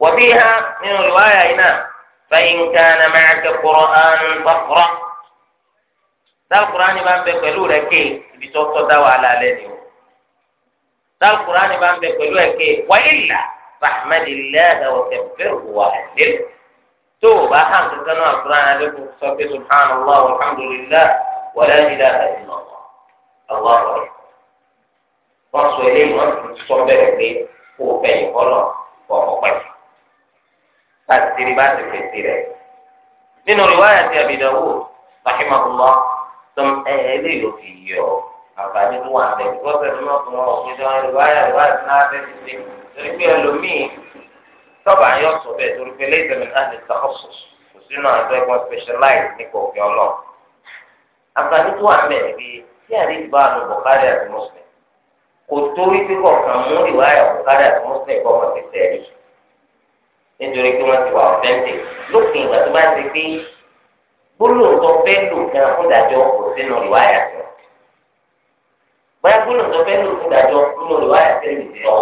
وفيها من رواية هنا فإن كان معك قرآن فاقرأ ده القرآن ما بقلو لك بتوتو دوا على لديو ده القرآن ما بقلو لك وإلا فاحمد الله وكبره وأهله توبة حمد كانوا القرآن عليكم سبحان الله والحمد لله ولا إله إلا الله الله أكبر wọ́n sọ eléyìí wọ́n ti هو bẹ́ẹ̀ pé وهو o káàkiri bá ti fèsì rẹ̀ nínú riwaya ti Abi Dawud rahimahullah tó ẹ ẹ lè lò fi yọ àǹfààní tó wà lẹ gbọ́dọ̀ tó náà fún ọ pé sọ́wọ́n riwaya riwaya ti náà fẹ́ ti ṣe torí pé ẹlòmíì tọ́ba yọ sọ bẹ́ẹ̀ torí pé lẹ́yìn tẹ̀mí náà ti sàkóso kò sínú àjọ ẹgbọ́n specialize nípa òfin ọlọ́ọ̀ àǹfààní tó wà mẹ́rin bíi tí àdéhùn bá àánú bọ̀kárì àti mùsùlùmí kò torí pé kọ̀ọ̀kan mú ìwáyà bọ̀kárì àti mùsùlùmí kọ̀ọ̀kan ti tẹ̀lé nítorí pé wọ́n ti wà ọ̀tẹ́ǹtì lópin ìgbà tó bá ti pé gbólóòtọ́ fẹ́ lò gan fún ìdájọ́ kò sínú ìwà yàtọ̀ bóyá gbólóòtọ́ fẹ́ lò fún ìdájọ́ nínú ìwà yàtọ̀ ìdílé wa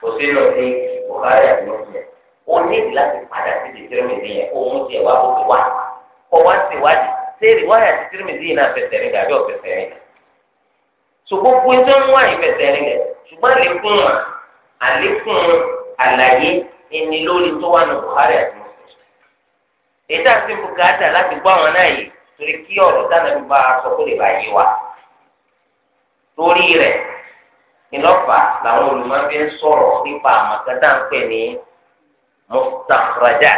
kò sínú ti bùkárí àti mọ́tìlẹ̀ ó ní ìdí láti padà sí ti tìrìmìtì yẹn kó mú tiẹ̀ wá bó ti wá kó wá ti wádìí séèrè wáyà ti tìrìmìtì yìí náà fẹsẹ̀ rìn gàbí ọ̀fẹsẹ̀ rìn so gbogbo ẹni lórí tó wà ní buhari àti mùsùlùmí ètò àti bùkátà láti gbọ́ àwọn náà yìí torí kí ọ̀rọ̀ dáná bí bá a sọ kó lè bá yé wa torí rẹ̀ ìlọ́fà làwọn olùmọ̀bí ń sọ̀rọ̀ nípa àmàgádà ń pè ní mustakhraja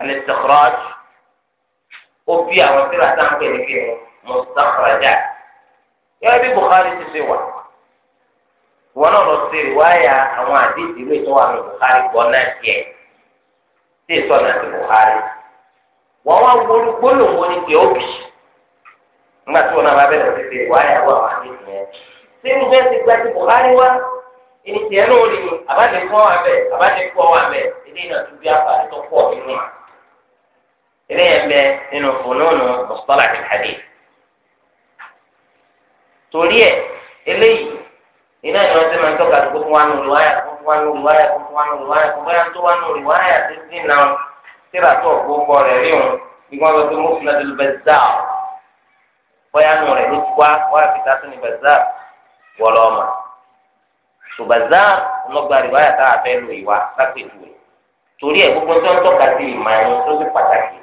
al-istikhraj ó bí àwọn tíra tá ń pè ní kí ni mustakhraja yẹ́n bí buhari ti ṣe wà. wọn náà sí ìwáyà àwọn àdìsí ìwé tó wà ní Buhari gbọ́ náà tiẹ̀ tí èso na ti Buhari wọn wá wọlé gbólóhùn ní tiẹ̀ òbí nígbà tí wọn náà bá bẹ̀rẹ̀ sí ti ìwáyà wọn àwọn àdìsí yẹn gba ti Buhari wá ìní tiẹ̀ náà ni àbájá ikọ́ wà bẹ́ẹ̀ àbájá ikọ́ wà bẹ́ẹ̀ ilé náà tún bí tó pọ̀ nínú wa yẹn nínú torí iná ìlú ọtí máa ń tọ́ka tó fún wa nù rìwáyà tó fún wa nù rìwáyà tó fún wa nù rìwáyà tó bóyá tó wá nù rìwáyà tó sì nà ó síra tó ọ̀pọ̀ ọkọ rẹ̀ rí òun bí wọ́n lọ sí mọ́fìlá tó lè bẹ̀ zá ọ̀ bóyá nù rẹ̀ ló ti wá wá fìtá tó ní bẹ̀ zá wọlọ́ ọmọ tó bẹ̀ zá ọlọ́gba rìwáyà tá a fẹ́ lò ìwà lápẹ̀jùwe torí ẹ̀ gbogbo tó ń tọ́ka sí ìmọ̀ ẹ̀yìn tó sì pàtàkì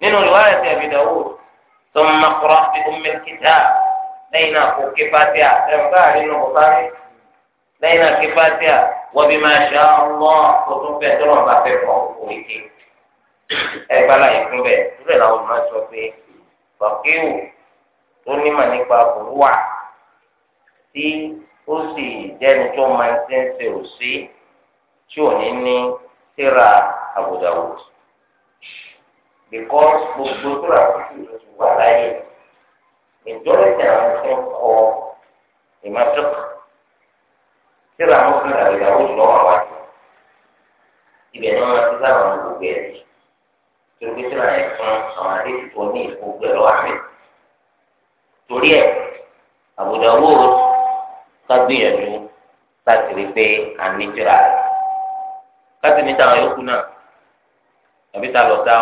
nínú rìwáyà tẹ̀ lẹ́yìn náà kó ké fatia ẹ̀rọ káàrí nù kó kárí lẹ́yìn náà ké fatia wọ́n bí máa ṣe ọlọ́ kó tún fẹ́ tó lọ́n bá fẹ́ fọ́ òkè ẹgbàlá yìí fún bẹ́ẹ̀ lórí làwọn máa sọ pé bàkíwù tó nímọ̀ nípa òwúwà tí ó sì jẹ́ni tó máa ń ṣe ń ṣe òṣì tí ò ní ní síra àbùdàwò because gbogbo tó rà kúkú ló ti wà láyé majority àwọn tó ń kọ ìmọ̀tòkò síra àwọn fún ìlànà ìyàwó lọ́wọ́ àwọn àti ibẹ̀ ni wọ́n ti sábà ń gbogbo ẹ̀ torí pé síra yẹn fún àwọn àdéhùn tó ní ìfowópamọ́ ẹ̀rọ àmì torí ẹ̀ àbùdá owó kágbìyànjú láti rí pé à ń ní síra rẹ̀ láti ní táwọn yòókù náà àbí ta lọ́ọ́ dá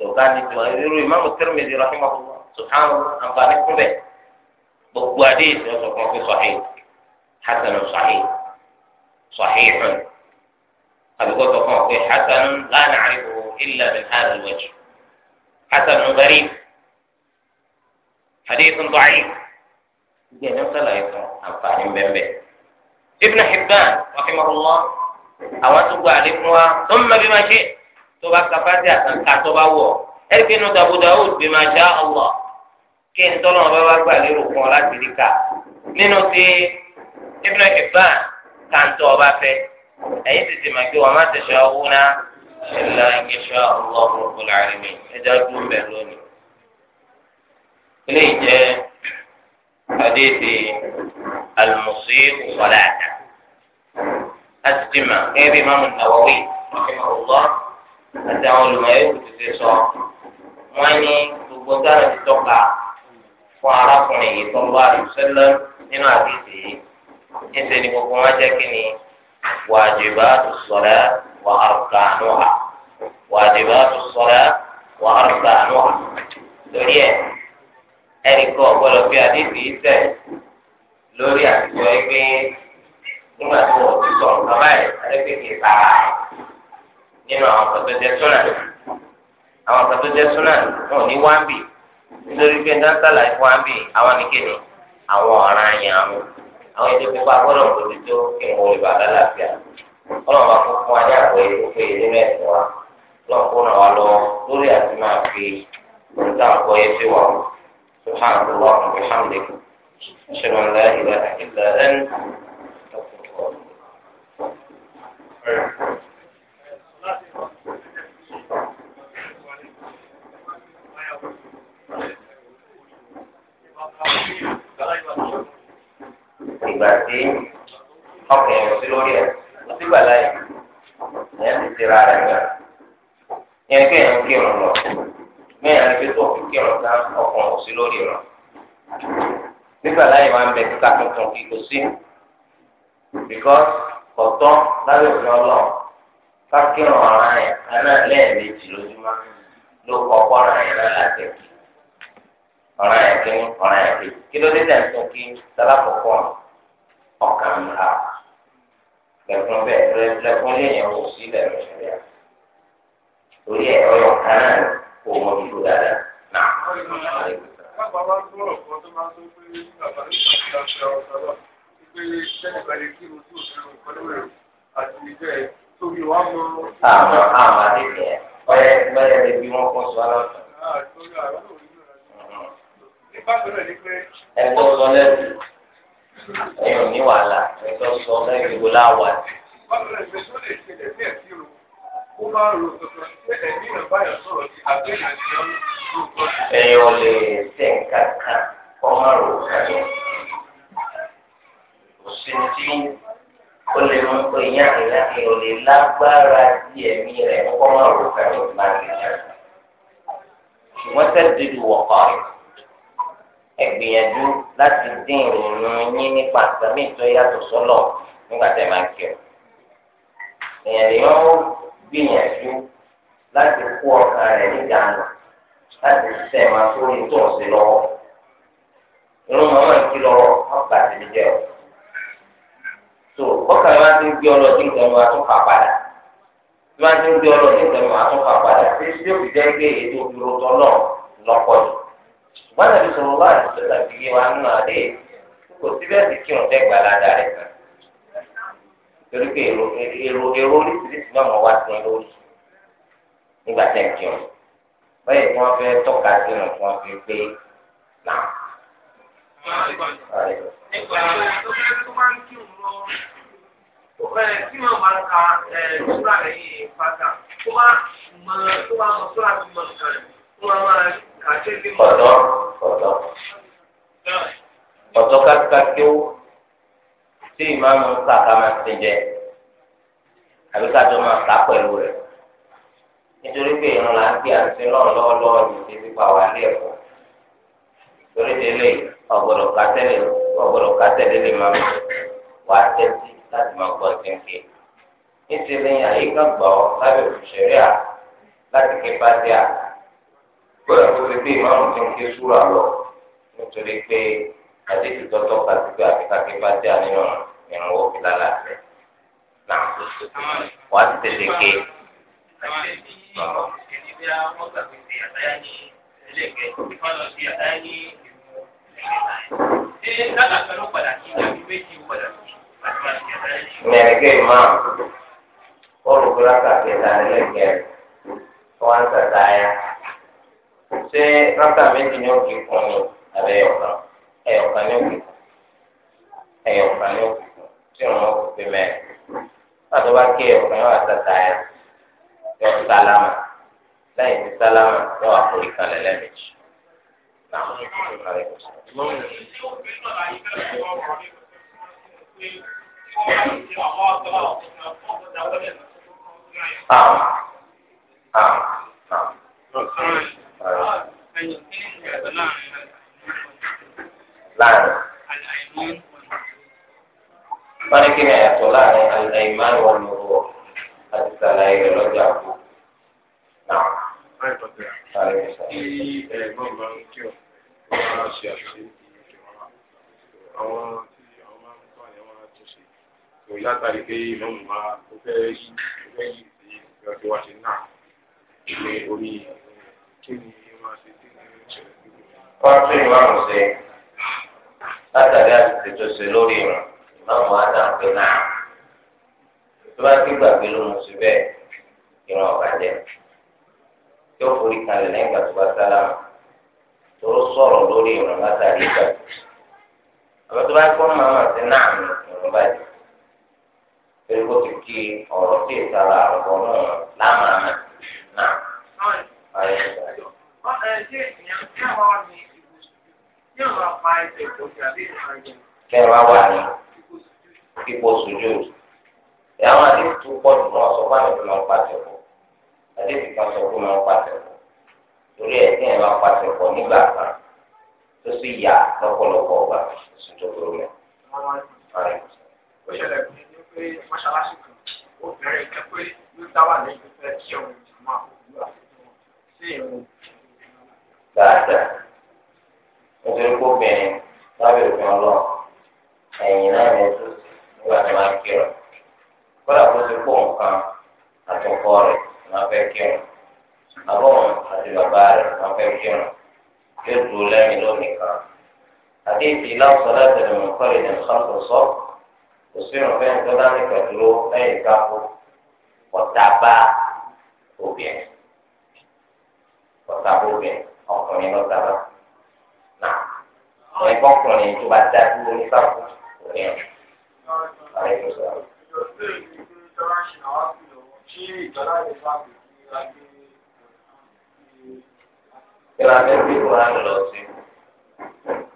sọ̀ká ní tiwọn irú ìmáàmù Tirmidhi rahimahullah. سبحان àǹfààní kún bẹ́ẹ̀ gbogbo adé ìsìn ọ̀sọ̀ kan fi sọ̀hìn hasanun sọ̀hìn sọ̀hìn hàn àbíkọ́ sọ fún ọ pé hasanun la na'rifuhu illa min hadha al-wajh hasanun gharib hadithun da'if gbẹ̀mí sọ̀làyé fún àǹfààní bẹ́ẹ̀ ibn hibban rahimahullah àwọn tó gba àlékún wa tó ń mẹ́bí máa ṣe tó bá kápá sí àtàǹkà tó bá wọ̀ ẹ́ kí n tọ́lọ́ wọn bá wá gbà lérò fún ọ láti rí ká nínú ti Ibn Hibban kàńtọ́ ọba fẹ́ ẹ̀yin ti ti mà pé wọ́n má ti ṣe owó náà ṣẹlẹ̀ ìgbésẹ̀ ọlọ́run ọ̀gbọ̀n láàrin mi ẹjọ́ dùn bẹ́ẹ̀ lónìí. eléyìí jẹ́ adéde alùmùsùlùmí ìwọlẹ̀ àdá láti ti mà gẹ́gẹ́ bí Imam Nawawi ọ̀gbọ́n àti àwọn olùmọ̀ ẹ̀kú ti ti sọ wọ́n ní gbogbo dára ti tọ́ka fún arákùnrin yìí tó ń bá àdùsẹ́lẹ̀ nínú àdìsí yìí níṣẹ́ ni gbogbo wọn jẹ́ kí ni wajibatu sọ̀rẹ́ wà arkanuha wajibatu sọ̀rẹ́ wà arkanuha lórí ẹ̀ ẹnìkan ọ̀gbọ́dọ̀ fi àdìsí yìí tẹ̀ lórí àtìsọ ẹgbẹ́ nígbà tí wọ́n ti sọ̀rọ̀ bàbá ẹ̀ ẹgbẹ́ kìí sára nínú àwọn kan tó jẹ́ súnà àwọn kan tó jẹ́ súnà wọn ò ní wá bì í nítorí pé ní asálà ìfún àmì àwọn nìkéde àwọn ọ̀ràn àyàn àwọn àwọn ètò pípa gbọ́dọ̀ lórí tó kí wọn lè bàtà láàfíà ọlọ́run bá fún fún wa ní àpò ìfúnfẹ́ ìdí mẹ́sàn-án wa lọ́n kó ràn wá lọ lórí àti máa fi nǹkan kọ́ ẹ sí wa subhanahu wa bihamdi ṣẹlẹ̀ ńlá ìlà ìlà ẹ̀ ń. ìgbà tí ọkàn yẹn sí lórí ẹ̀ ó sì gbà láyè ya ti tira rẹ̀ gbà yẹn kí ẹ̀yìn kírun lọ bẹ́ẹ̀ ni ya tó fi kírun ká ọkàn ò sí lórí rẹ̀ nígbà láyè máa ń bẹ kíkà tuntun kí kò sí because ọ̀tọ́ lábẹ́ òfin ọlọ́run ká kírun ọ̀ràn yẹn aná lẹ́ẹ̀mejì lójúmọ́ ló kọ́ yẹn ọ̀ràn yẹn kí ọ̀ràn yẹn kí kí ló dé dẹ̀ tó kí sálákọ̀ọ́kọ́ ọ̀kan ń ha lẹ́kùn bẹ́ẹ̀ lẹ́kùn léèyàn wò sí lẹ́nu ìṣẹ̀lẹ̀ torí ẹ̀ ọ̀yọ̀ kan náà kò mọ ìlú dáadáa náà. Àwọn àwọn àdéhùn ẹ̀ ọ̀yẹ́ ìgbẹ́lẹ̀ bí wọ́n kọ́ sọ aláǹfà ẹgbẹ́ sọ lẹ́sìn ẹ̀yìn òní wàhálà ẹgbẹ́ sọ lẹ́yìn ìgbò láwà. ẹ̀yìn ò lè tẹ̀ kankan kọ́ máa rò kankan kò sí ti ó lè mú pé ìyá rẹ̀ láti ò lágbára di ẹ̀mí rẹ̀ kọ́ máa rò kankan ṣùgbọ́n sẹ́ẹ̀ wọ̀ kọ́ ẹgbìyànjú láti dín ìrònú yín nípa àtàmì ìtọ́ yàtọ̀ sọ́lọ̀ nígbà tẹ̀ máa ń kí ọ. èèyàn lè yàn ó gbìyànjú láti kó ọkàn rẹ̀ níjànú láti sẹ̀ máa sórí tó ọ̀sẹ̀ lọ́wọ́. irun màmá ń kí lọ́wọ́ wọ́n gbà sí ní jẹ́ ọ. tó ọkàn máa ti ń gbé ọ lọ sí nǹkan máa tún fà padà máa ti ń gbé ọ lọ sí nǹkan máa tún fà padà tí tí fi jẹ́ pé ètò ìdúró tọ́ náà lọ́pọ̀ jù wọn nàbí sọ̀rọ̀ wá àtúntò àti yé wa nínú àdé kò sí bẹ́ẹ̀ sì kí wọn fẹ́ gbà ládàá rẹ̀ kan torí pé èrò èrò oríṣiríṣi náà wọn wá sí wọn lórí nígbà tẹ̀ ń kí wọn báyìí kí wọn fẹ́ tọ́ka sí wọn kí wọn fi gbé náà. Nígbà tó fẹ́ máa ń kí òun lọ, tí wọ́n máa ka ṣúra rẹ̀ yìí pátá, tó bá mọ̀ tó tó bá mọ̀ nǹkan rẹ̀, wọ́n máa kọ̀tọ́ kọ̀tọ́ kọ̀tọ́ kákíkákíó tí ìmáàmù kàkà máa ti jẹ àbí kájọ máa kà pẹ̀lú rẹ̀ nítorí pé ìran là ń gbé àti lọ́rùn lọ́wọ́lọ́wọ́ ní ti fi pa wà ní ẹ̀kọ́ torí délé ọ̀gbọ̀dọ̀ kátẹ́lẹ̀ ọ̀gbọ̀dọ̀ kátẹ́lẹ̀ lè máa wà tẹ́tí láti máa gbọ́ ìpínkì níṣẹ́ lẹ́yìn àyíká gbọ́ lábẹ́ òṣèré à láti ké bá à kódà tó ti pé ìmáàmù ti ń ké súra lọ nítorí pé àdéhùn tọ́tọ́ kàti pé àfikàkí bá dé àníyàn ìrìn wọ́n fi lálẹ́ àfẹ́ náà wà á ti tètè ké. Nyẹ̀rẹ̀kẹ́ ìmáàmù, ó rògbòrò àkàkẹ́ ìdánilẹ́kẹ̀ẹ́, wọ́n á ń sàtáyà ṣé rákà méjì ni ó kì í kún ni àbẹ ẹyọkan ẹyọkan ni ó kì í kún ẹyọkan ni ó kì í kún tí òun ó fi mẹ́rin pàtó bá ké ẹyọkan yóò wá tata ẹ yóò sálámà lẹ́yìn tí sálámà yóò wá forí kalẹ̀ lẹ́ẹ̀mejì. Ah, ah, ah láàrin wọ́n ní kí ni àyàtọ̀ láàrin àlàyémánu ọ̀nùwọ̀ àti sàlàyé rẹ̀ lọ́jà àbò náà. Tí ẹ̀gbọ́n bá ń kí ọ̀, wọ́n máa ṣe àṣeyọrí àwọn tí àwọn máa ń kọ́ Kò látàrí pé ìmọ̀ọ́mù máa ó fẹ́ yí ó fẹ́ yí sí ìgbà ní orí wọ́n tún ìmáàmù ṣe látàrí àtìtì tó ṣe lórí ìrùn ìmáàmù adam pé náà tó bá ti gbàgbé ló mú sí bẹ́ẹ̀ ìrùn ọ̀bàjẹ́ yóò forí kalẹ̀ lẹ́yìn ìgbà tó bá sálámù tó sọ̀rọ̀ lórí ìrùn látàrí ìgbà àbẹ tó bá kọ́ màmá sí náà ní ìrùn bàjẹ́ pẹ̀lú kó ti kí ọ̀rọ̀ sí ìsàlà àwọn ọ̀rọ̀ náà lámàmà náà kí ẹ wá wà ní ipò sojú ìyàwó àdéhùn pọ̀ jù lọ sọ fún àdéhùn náà pàṣẹ pọ̀ àdéhùn kan sọ fún náà pàṣẹ torí ẹ̀ kí ẹ wá nígbà kan tó sì yà lọ́pọ̀lọpọ̀ ọgbà sójú tó rẹ̀. ni pé mọ́ṣáláṣí kan obìnrin kẹ́kọ̀ọ́ ló dá wà lẹ́yìn fẹ́ kí ọ̀hún ìjọba àwọn òwúrọ̀ àti ìjọba sí ìrìn òjò dáadáa nítorí kó bẹ̀rẹ̀ lábẹ́ òfin ọlọ́run ẹ̀yìn náà ní oṣù nígbà tí wọ́n á kírun kódà kó ti kó nǹkan àtúnkọ́ rẹ̀ wọ́n á fẹ́ kírun àbọ̀wọ̀n àti bàbá rẹ̀ wọ́n á fẹ́ kírun yóò dúró lẹ́yìn lónìí kan àti ìfi láwùjọ sọ̀láàtì lè mú kọ́lé ní ọ̀sán sọ kò sí ìrànfẹ́ ní tọ́lá ní pẹ̀lú lẹ́yìn káfó ọ̀tá bá obìnrin ọ̀tá bá obìnrin ọkùnrin lọ sábà náà àwọn ẹgbẹ́ ọkùnrin tó bá dá dúró ní sáfù kò ní ọ̀rẹ́ tó sọ. Ìlànà ẹgbẹ́ ìkùránì lọ sí.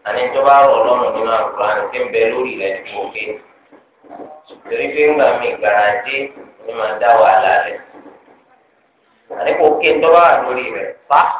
Àní tó bá rọ̀ lọ́rùn nínú àkùránì tí ń bẹ lórí rẹ̀ ní òkè. Torí pé ńgbà mi gàràjé ni màá dá wàhálà rẹ̀. Àní kò ké tó bá wà lórí rẹ̀ fáà.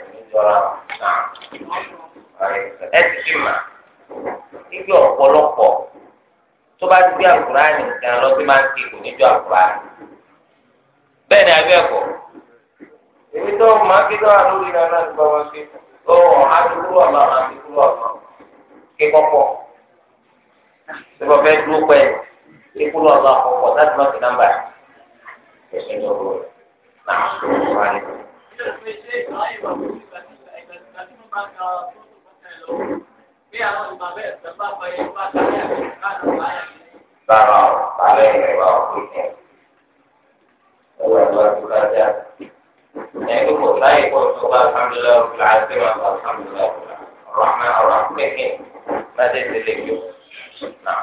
jọra náà ẹ ti fi mà níbi ọ̀pọ̀lọpọ̀ tó bá ti gbé àkùránì nǹkan lọ sí máa ń ké kò níjọ àkùránì bẹ́ẹ̀ ni abẹ́ ẹ̀kọ́ èmi tó máa kí lọ́wọ́ lórí náà náà ti bá wọn ṣe tó ọ̀hún á ti kúrò ọ̀la máa ti kúrò ọ̀la ké kọ́kọ́ tó bá fẹ́ dúró pẹ́ ké kúrò ọ̀la kọ̀ọ̀kọ̀ láti má fi nọ́mbà ẹ̀sìn lọ́wọ́ náà wà nípa. Rárá o, àlẹ́ ìrìn wa ò pín in. Ẹ̀wọ̀ ẹ̀wọ̀ ẹ̀kú lájà. Ẹ̀kú kò sáyé kó tó bá Sámúlẹ̀ ọ̀gbìn àti wọn bá Sámúlẹ̀ ọ̀gbìn. Ọ̀rọ̀ àmọ́ ọ̀rọ̀ àpékè láti ti lè yọ. Náà.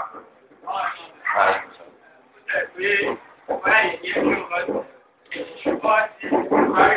Báyìí. Báyìí ni ẹ̀kú ọ̀gbìn. Ìṣùkọ́ ti parí.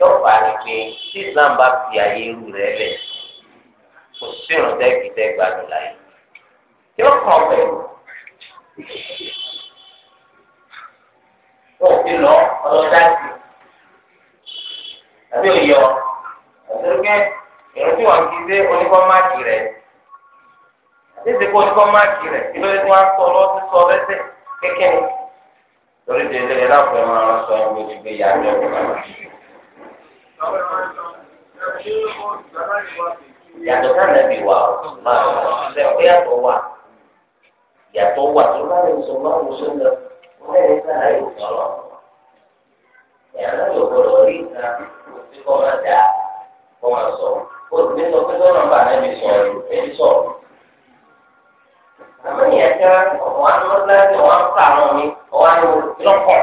yọ̀pá ni tí islam bá fi àyè irú rẹ̀ lẹ̀ kò sí ìrànṣẹ́ ìfìtẹ́ gbádùn láyé yóò kàn bẹ̀rù wọn ò fi lọ ọlọ́dá sí àbí òye ọ àtẹnukẹ ìrìn tí wọn ti dé oníkọ́ máàkì rẹ̀ títí kó oníkọ́ máàkì rẹ̀ kí ló dé tí wọn sọ ọlọ́dún sọ lẹ́sẹ̀ kékeré torí délé ẹ̀ láwùjọ máa ń sọ ẹ̀mí ìgbéyàwó ẹ̀ yàtọ̀ sáà bí wà ó máa ṣe ọ̀pẹ́ yàtọ̀ wà yàtọ̀ wà tó bá lè sọ máa wò sóńdà wọ́n lè sáà yóò sọ̀rọ̀ yàrá yóò gbọdọ̀ rí ìta tí kò máa dà kò máa sọ ó ti sọ pé lọ́nà bá náà mi sọ èmi sọ. àmọ́ ìyá jẹ́ ọ̀pọ̀ àwọn ọlọ́dún láti wọ́n á kà wọ́n mi ọ̀wá ló lọ́kọ̀ọ́.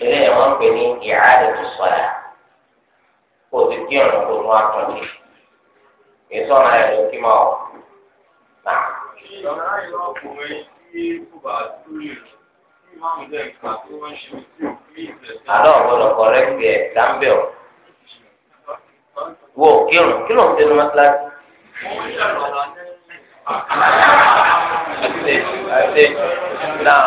ilé yẹn wọ́n pè ní ìhàdẹ tó sọlá kó o ti kí ọ̀nà tó mú àtúntò kì í sọ̀rọ̀ ẹ̀ ló kí mọ́ ọ. Ìjọba ìlú ọkùnrin tí kò bá tó lè kí máa tó ń ṣe sí òfin ìgbẹ̀sẹ̀. Àlọ́ ọ̀gbọ́dọ̀ kọ̀rẹ́kì ẹ̀ dáńbẹ̀ ọ̀. Wo kírun kírun ti ní mọ́tíláṣí. Àti àti náà.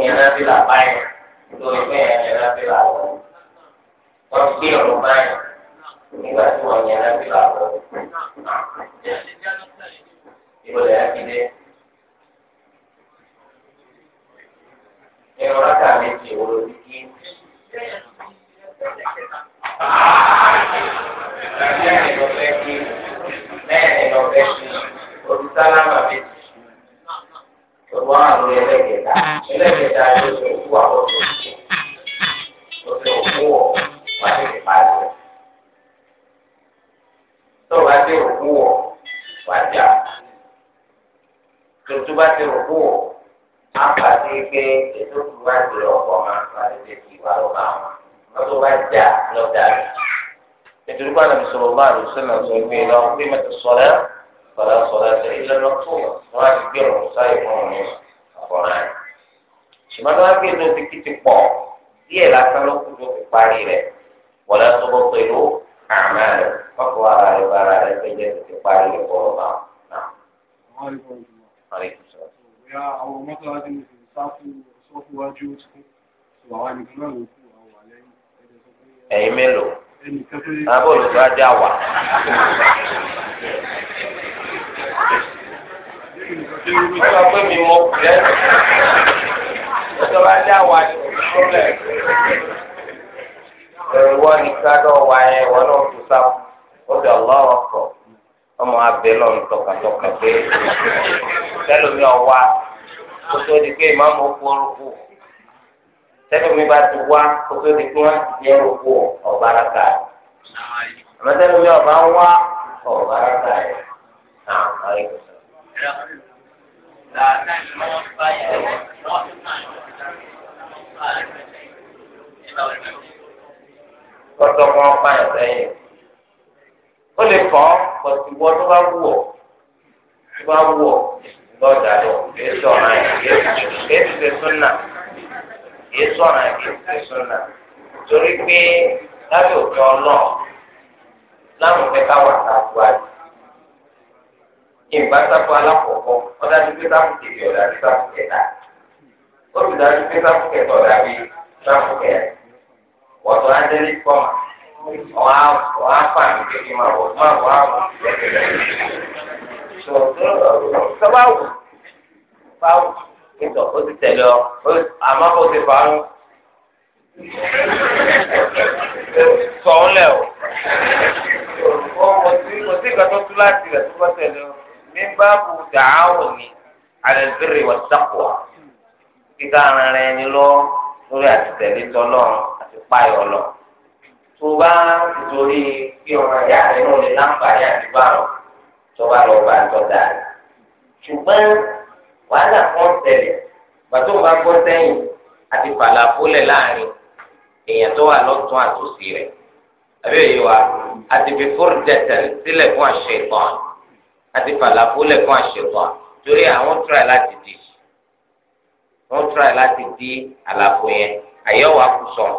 hukumnya nafilah baik في الأرض kú sẹ́nu mi bá ti wá kótó ti kí wọ́n ti yẹ òkú ọ̀bára ká yẹ àmọ́ sẹ́nu mi ọ̀bá ń wá ọ̀bára ká yẹ náà ọ̀rẹ́ kò sọ. Kọ́tọ́ kan báyọ̀ sẹ́yìn. Ó lè kọ́ pọ̀tùwọ́ tó bá wù ọ́ tó bá wù ọ́. lọ́ọ̀dà lọ kìí sọ̀rọ̀ yẹn kìí ṣe súnà kìí sọ̀rọ̀ yẹn kìí ṣe súnà torí pé lábẹ́ òfin ọlọ́ọ̀ láwọn fẹ́ ká wà sáàtú àjù ìgbà sáàtú alákọ̀ọ́kọ́ ọ̀dà tó gbé sáàtú kejì ọ̀dà tó sáàtú kẹta ó pé sáàtú kẹta ọ̀dà bí sáàtú kẹrin wọ̀tọ̀ kékeré máa á sọba wù bá wù ìtọ̀ ó ti tẹ̀lé ọ àmọ́ kò ti fà á nù sọ ọ́ lẹ̀ o kò sí ìgbà tó tú láti rẹ̀ tó bá tẹ̀lé o ní báàbù dàáwò ni àlẹ́bẹ̀rẹ̀ wà sàkó kíkà ara rẹ̀ ni lọ lórí àtìtẹ̀lé tọ́lọ́ àti páyọ̀ lọ tó bá torí kí ọmọ ìyá rẹ̀ náà lè láǹfààní àti bá rọ̀ tọ́wá lọ bá tọ́da rẹ̀ ṣùgbọ́n wàhálà kan tẹ̀lẹ̀ gbàtó bá gbọ́ sẹ́yìn àti fàlàfólẹ̀ láàrin èèyàn tó wà lọ́tún àtòsí rẹ̀ àbí òye wa àti fi fúrúdẹ̀tẹ̀ sílẹ̀ fún àṣetán àti fàlàfólẹ̀ fún àṣetán torí àwọn tíráì láti dì wọ́n tíráì láti dí àlàfo yẹn àyẹ̀wò àkùsọ̀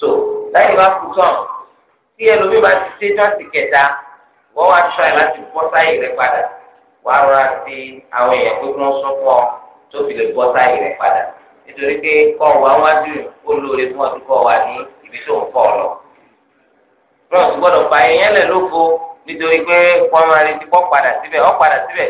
so láyé bá kùsọ̀ tí ẹlòmíì bá ti ṣe tó àti kẹta. wọ́n wá tíráì láti bọ́ sáyè rẹ padà wà á rọra sí àwọn èèyàn pé wọ́n sún tó fi lè bọ́ sáyè rẹ padà nítorí pé kọ́ wa ó lóore fún ọdún kọ́ wa ní ibi tó ń kọ́ ọ lọ. bros gbọ́dọ̀ pa èèyàn lẹ̀ lóko nítorí pé wọ́n máa retí padà síbẹ̀ ọ́ padà síbẹ̀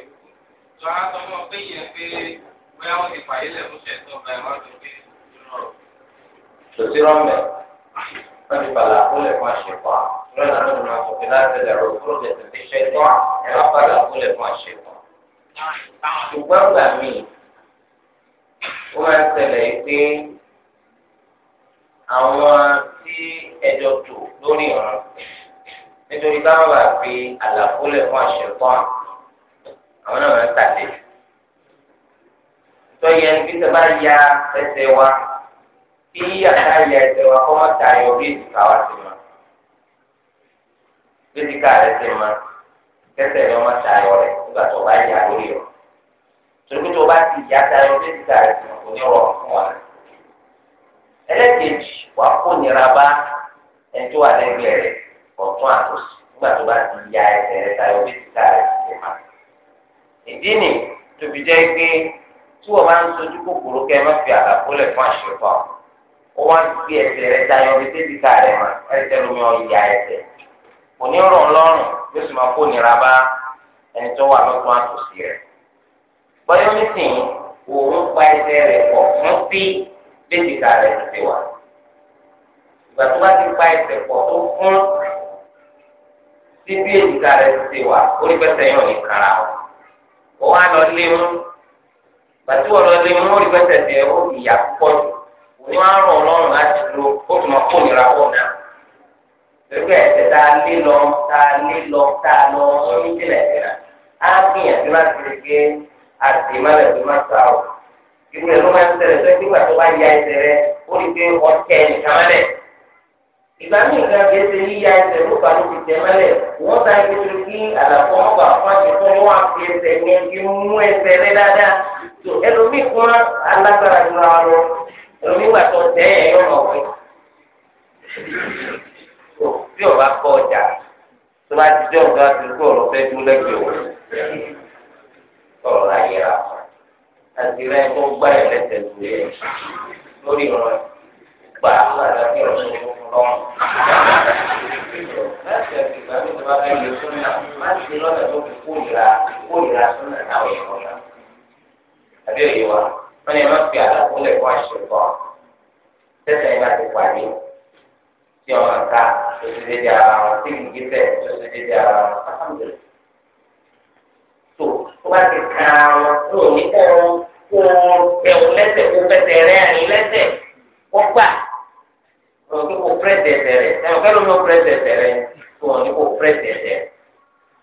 lo tó a sọ fún ọ pé yẹn pé bóyá wọn ti fàyè lẹ fún ṣẹtọ ọgbà ẹ wọn tó pé ìrọrùn. tòsí rọmẹ wọn ti bàlá kúlẹ̀ fún àṣepọ̀ lọ́nà ló máa sọ pé láti lè rò kúrò tẹ̀sán ti ṣẹ́tọ́ ẹ wá bàlá kúlẹ̀ fún àṣepọ̀. ṣùgbọ́n gbà mí ó máa ń ṣẹlẹ̀ pé àwọn tí ẹjọ́ tò lórí ọ̀rọ̀ nítorí báwọn bá fi àlàfo lẹ̀ fún àṣepọ̀ àwọn náà máa ń tàlẹ́ tọ́yẹ ní bí sábà ya ẹsẹ̀ wa kí yíyàtá ya ẹsẹ̀ wa kọ́ máa ta ayọ̀ bí wa ti ma bí ètùkà ti ma kẹsẹ̀ rẹ̀ máa ta ayọ̀ rẹ̀ nígbà tó bá yà lórí ọ̀ torí bá ti yà ta ayọ̀ ma kò ní fún wa wà kó nira bá ya ẹsẹ̀ ta ayọ̀ bí ma. ìdí nì tóbi jẹ́ pé tí wọ́n máa ń sojú kòkòrò kẹ́ ẹ má fi àlàfo lẹ̀ fún àṣepọ̀ ó wá ń gbé ẹsẹ̀ rẹ tayọ bí tẹ́tí ká rẹ̀ mà ẹsẹ̀ lómi ọ̀yà ẹsẹ̀ kò ní rọ̀ lọ́rùn bí ó sì máa kó nira bá ẹni tó wà lọ́tún àtòsí rẹ̀ bọ́yọ́ nísìnyí òun pa ẹsẹ̀ rẹ̀ pọ̀ fún bí tẹ́tí ká rẹ̀ ti wà ìgbà tó bá ti pa ẹsẹ̀ pọ̀ tó fún síbí èjìká rẹ̀ ti wà orí wọ́n wá lọ lé mú bàtí wọ́n lọ lé mú wọ́n rí pẹ́sẹ̀ tẹ̀ ó ìyà pọ̀ jù òní wọ́n á rọ̀ ọlọ́run láti lo ó tún máa kó nira pọ̀ náà torí ẹ̀sẹ̀ tá a lé lọ tá a lé lọ tá a lọ wọ́n ní sílẹ̀ sílẹ̀ á gbìyànjú láti rí pé àtìmọ́lẹ̀ tó máa sá o ìgbìyànjú máa ń ṣẹlẹ̀ tó nígbà tó bá ya ẹsẹ̀ rẹ ó rí pé ọ̀kẹ́ nìkan mọ́lẹ̀ ìgbà míì nǹkan kẹsẹ̀ yíya ẹsẹ̀ ló bá ló fi tẹ̀ mẹ́lẹ̀ wọ́n ta ẹgbẹ́ tó kí àlàfo wọn bá fún àti fún wọn àfi ẹsẹ̀ yẹn kí mú ẹsẹ̀ rẹ dáadáa tó ẹlòmíì fún alágbára ju ara lọ ẹlòmíì wà tó tẹ̀ ẹ̀ yọ̀ lọ wẹ̀. tó bí ọba kọ ọjà tó bá ti dé ọ̀gá tó kó ọ̀rọ̀ fẹ́ dún lẹ́gbẹ̀ẹ́ wọn ọ̀rọ̀ ayẹra àti rẹ tó gbá ẹ̀ lẹ́sẹ̀ lórí ọ̀rọ̀ gbà á tọ́. láti ẹ̀sìn ìgbà mi ìjọba fẹ́ lè sún náà má ṣe lọ́nà tó fi kó ìlà kó ìlà sún náà náà wọ̀ ọ̀nà. àbí òye wa wọ́n ní ẹ má fi àlàkó lẹ̀ fún àṣẹ pọ̀. tẹ́sán yìí láti pàdé tí ọmọ ká tó ti dédé ara wọn tí kìí bẹ̀ tó ti dédé ara wọn pàtàkì. tó tó bá ti ka wọn tó ní kó kó bẹ̀rù lẹ́sẹ̀ kó fẹsẹ̀ rẹ́ àní lẹ́sẹ̀ kó gbà sọ̀rọ̀ pé kò pẹ́ẹ́tì ẹ̀tẹ̀ rẹ̀ ẹ̀rọ kẹ́lò ní o pẹ́ẹ́tì ẹ̀tẹ̀ rẹ̀ kò wọ́n ní kò pẹ́ẹ́tì ẹ̀tẹ̀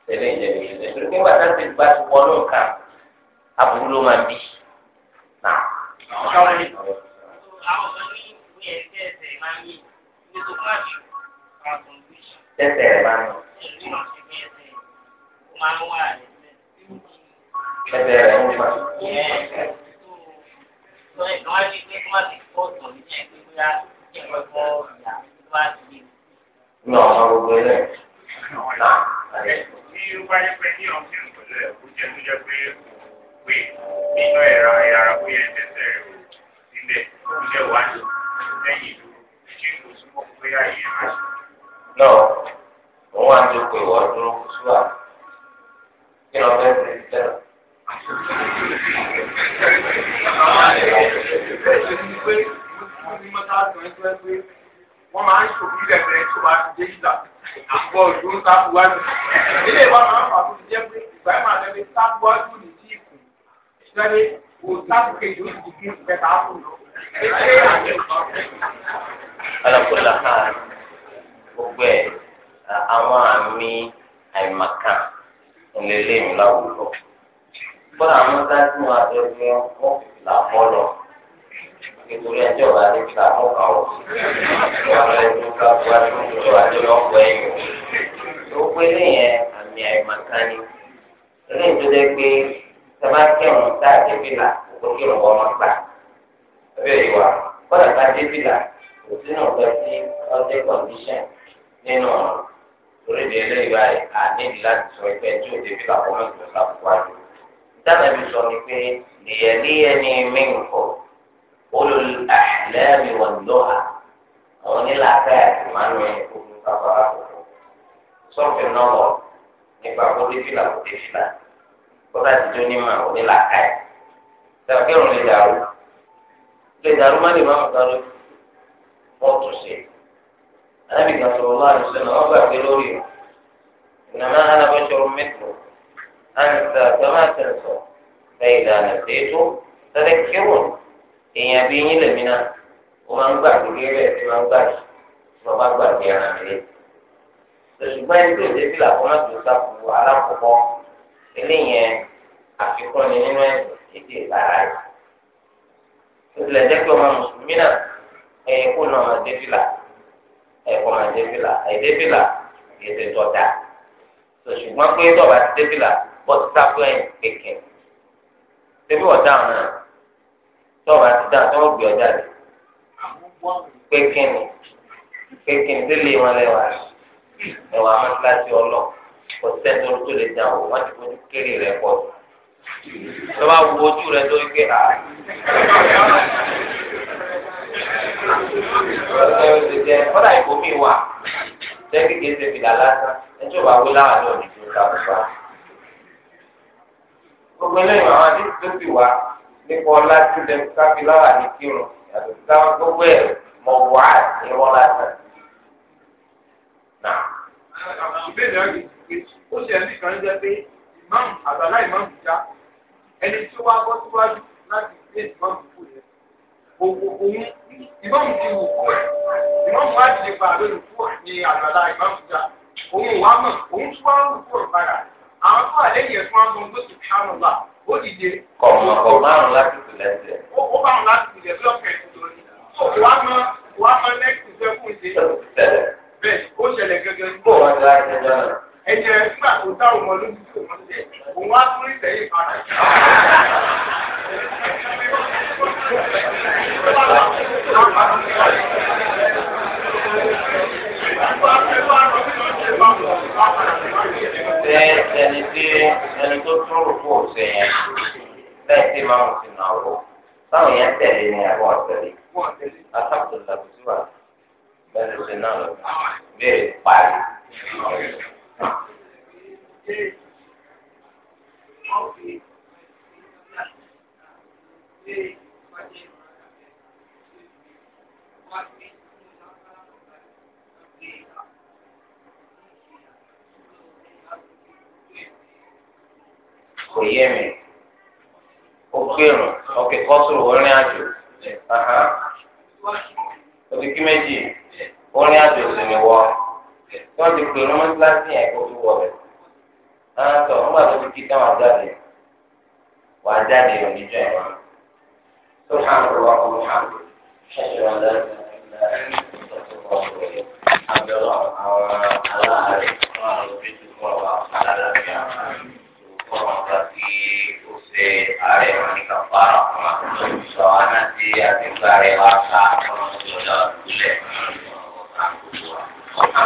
tẹ̀lé ìjẹ̀lú ìjẹ̀lú torí pé nígbà táwọn ti bá ti wọ ọdún kan àbúrú ló máa bí. tẹ̀sẹ̀ rẹ̀ máa ń lọ. tẹ̀sẹ̀ rẹ̀ ń lọ. Ìjọba ìjọba ti gbé kí wọ́n ti pọ̀ tó ní ẹgbẹ́ gbéra ní ọ̀sán [laughs] tún ní mọ́tàlásì wọn tó ẹ pé wọ́n máa ń ṣòfin lẹ́gbẹ̀ẹ́ tó bá ti dé ìgbà àgbọ̀ ìlú ń ta bu wájú. ilé ìwà máa ń fà tó ti jẹ́ pé ìgbà yẹn máa lẹ́gbẹ̀ẹ́ ta bu wájú ní tí ìkù ìṣẹ́lẹ̀ kò tábù kejì ó sì di kí ìfẹ́ta fún lọ. alákòólá ká gbogbo ẹ àwọn àmì àìmọ̀kan ńlẹ́lẹ́yìn láwùjọ. bọ́lá àwọn sáà tí wọ́n á fẹ́ fún wọn là bọ́ lọ nítorí ẹjọ́ bá ní ká mú ká o wà lọ ẹjọ́ ká wá tó ń lọ wá lọ ọ̀pọ̀ ẹ̀yìn tó pé lẹ́yìn àmì àìmọ̀kánni lẹ́yìn tó dẹ́ pé sábà kẹrùn táà débìlà kó kírun wọ́n máa gbà ẹbẹ̀ yìí wà kọ́dà ká débìlà kò sínú ọ̀gá sí ọdẹ kọ̀ǹdíṣàn nínú ọ̀rọ̀ torí ìdí eléyìí báyìí àní láti sọ ẹgbẹ́ tí ò débìlà kọ́ mọ́ ìgbésà fún wájú. dáná ni pé أولو الأحلام والنهى أو نلعب فات مع أنه يكون كفرات صرف النظر nípa kóde fìlà kóde fìlà kódà tìjọ ní ma òní là ká ẹ tàbí òun lè dàrú lè dàrú má lè má mú kan lójú wọn tún sí anábì kan sọ̀rọ̀ lọ́wọ́ àti sọ́nà wọ́n gbàgbé lórí o ìnáwó alábọ́sọ̀rọ̀ mẹ́tò àǹtà tọ́mátẹ̀sọ̀ ẹ̀yìn ìdáná tètú tẹ́lẹ̀ kírun èèyàn bíi yín lèmi náà ó máa ń gbàgbé rẹ̀ tí wọ́n gbà yìí tí wọ́n bá gbàgbé ara mi lé. lọ́sùgbọ́n ẹni tó ṣe fìlà fún àti ìsàkùn alákọ̀ọ́kọ́ eléyẹn àfikún ni nínú ètò ìlara rẹ̀. ìṣẹ̀lẹ̀ jẹ́ pé ọmọ mùsùlùmí náà ẹ̀yẹ kó náà máa dé fìlà ẹ̀kọ́ máa dé fìlà ẹ̀dé fìlà ètò ìtọ́jà. lọ́sùgbọ́n pé tọ́ba ti dé fìlà bọ́ ti sáfù ẹ̀yìn tọ́wọ́ àti dáa tí wọ́n gbé ọjà rẹ̀ pé kíni pé kíni tó lé wọn lẹ́wà ẹ̀wà mọ́tíláṣí ọlọ́ kò sẹ́ni tó lè dà wọ́n wọ́n ti fojú kéré rẹ̀ pọ̀ tó bá wo ojú rẹ̀ lórí pé à kọ́dà ìbò mi wà lẹ́yìn kéde fìlà lásán ẹjọ́ bá wí láwọn àlọ́ òní tó ń gbogbo eléyìí àwọn àdéhùn tó sì wà kíkọ́ láti lẹ kábíláwà ní kírun yàtọ̀ sí káwọn gbogbo ẹ̀ mọ̀ wá ní wọ́n láti. ó ṣe ẹ̀mí kan jẹ́ pé ìmáàmù àbálá ìmáàmù já ẹni tí ó wá bọ́ síwájú láti gbé ìmáàmù kù yẹn. Òun ìmáàmù ti wù kú ẹ̀ ìmáàmù wá ti pa àbẹ̀lù kú ní àbálá ìmáàmù já. Òun wá mọ̀ òun tún wá wù kú ẹ̀ padà. Àwọn tó wà lẹ́yìn ẹ̀ àwọn tó ti ó dìde. kọ̀ọ̀mọ̀ kọ̀ márùn láti tù lẹ́sẹ̀. ó márùn láti tù lẹ́sẹ̀ lọ́kẹ̀ tó ní. wàá mọ wàá mọ nẹ́ẹ̀kì sẹ́kùn ṣe. bẹ́ẹ̀ ó ṣẹlẹ̀ gẹ́gẹ́ ní. bó wọn ti láti ṣẹjọ́ náà. ẹ̀jẹ̀ nígbà tó dáhùn ọmọ lójú tó mọ́ sí òun á tún ìtẹ̀yìn padà. Thank [laughs] you ṣé ẹni tí ẹni tó tún rò kó ṣe yẹn bẹ́ẹ̀ tí máa ń sin àwọ̀ báwọn yẹn tẹ̀lé ní àwọn ọ̀tẹ̀lé asákòlá tó wà bẹ́ẹ̀ ṣe náà lọ bẹ́ẹ̀ parí. Thank you. kò yé mi ó kírun ọkẹ kọ́sùrù orin àjò òbí kí méjì orin àjò sì ni wọ tí wọ́n ti pè lọ́mọ síláṣí yẹn kó tó wọ̀ bẹ̀ náà sọ nígbà tó ti kí táwọn àjáde wà jáde oníjọ ẹ̀ wá tó hàn lọ́wọ́ kó hàn ṣẹ̀ṣẹ̀ wọn lẹ́nu. Abdullah, our Allah, our ala our Allah, our Allah, our Allah, our kọ́mọ gba kí o ṣe ààrẹ wọn ní kàfàrà wọn sọ àná tí a ti gba ààrẹ wa ká ọmọ ìjọba ìbílẹ̀ ọ̀sán gbogbo wa.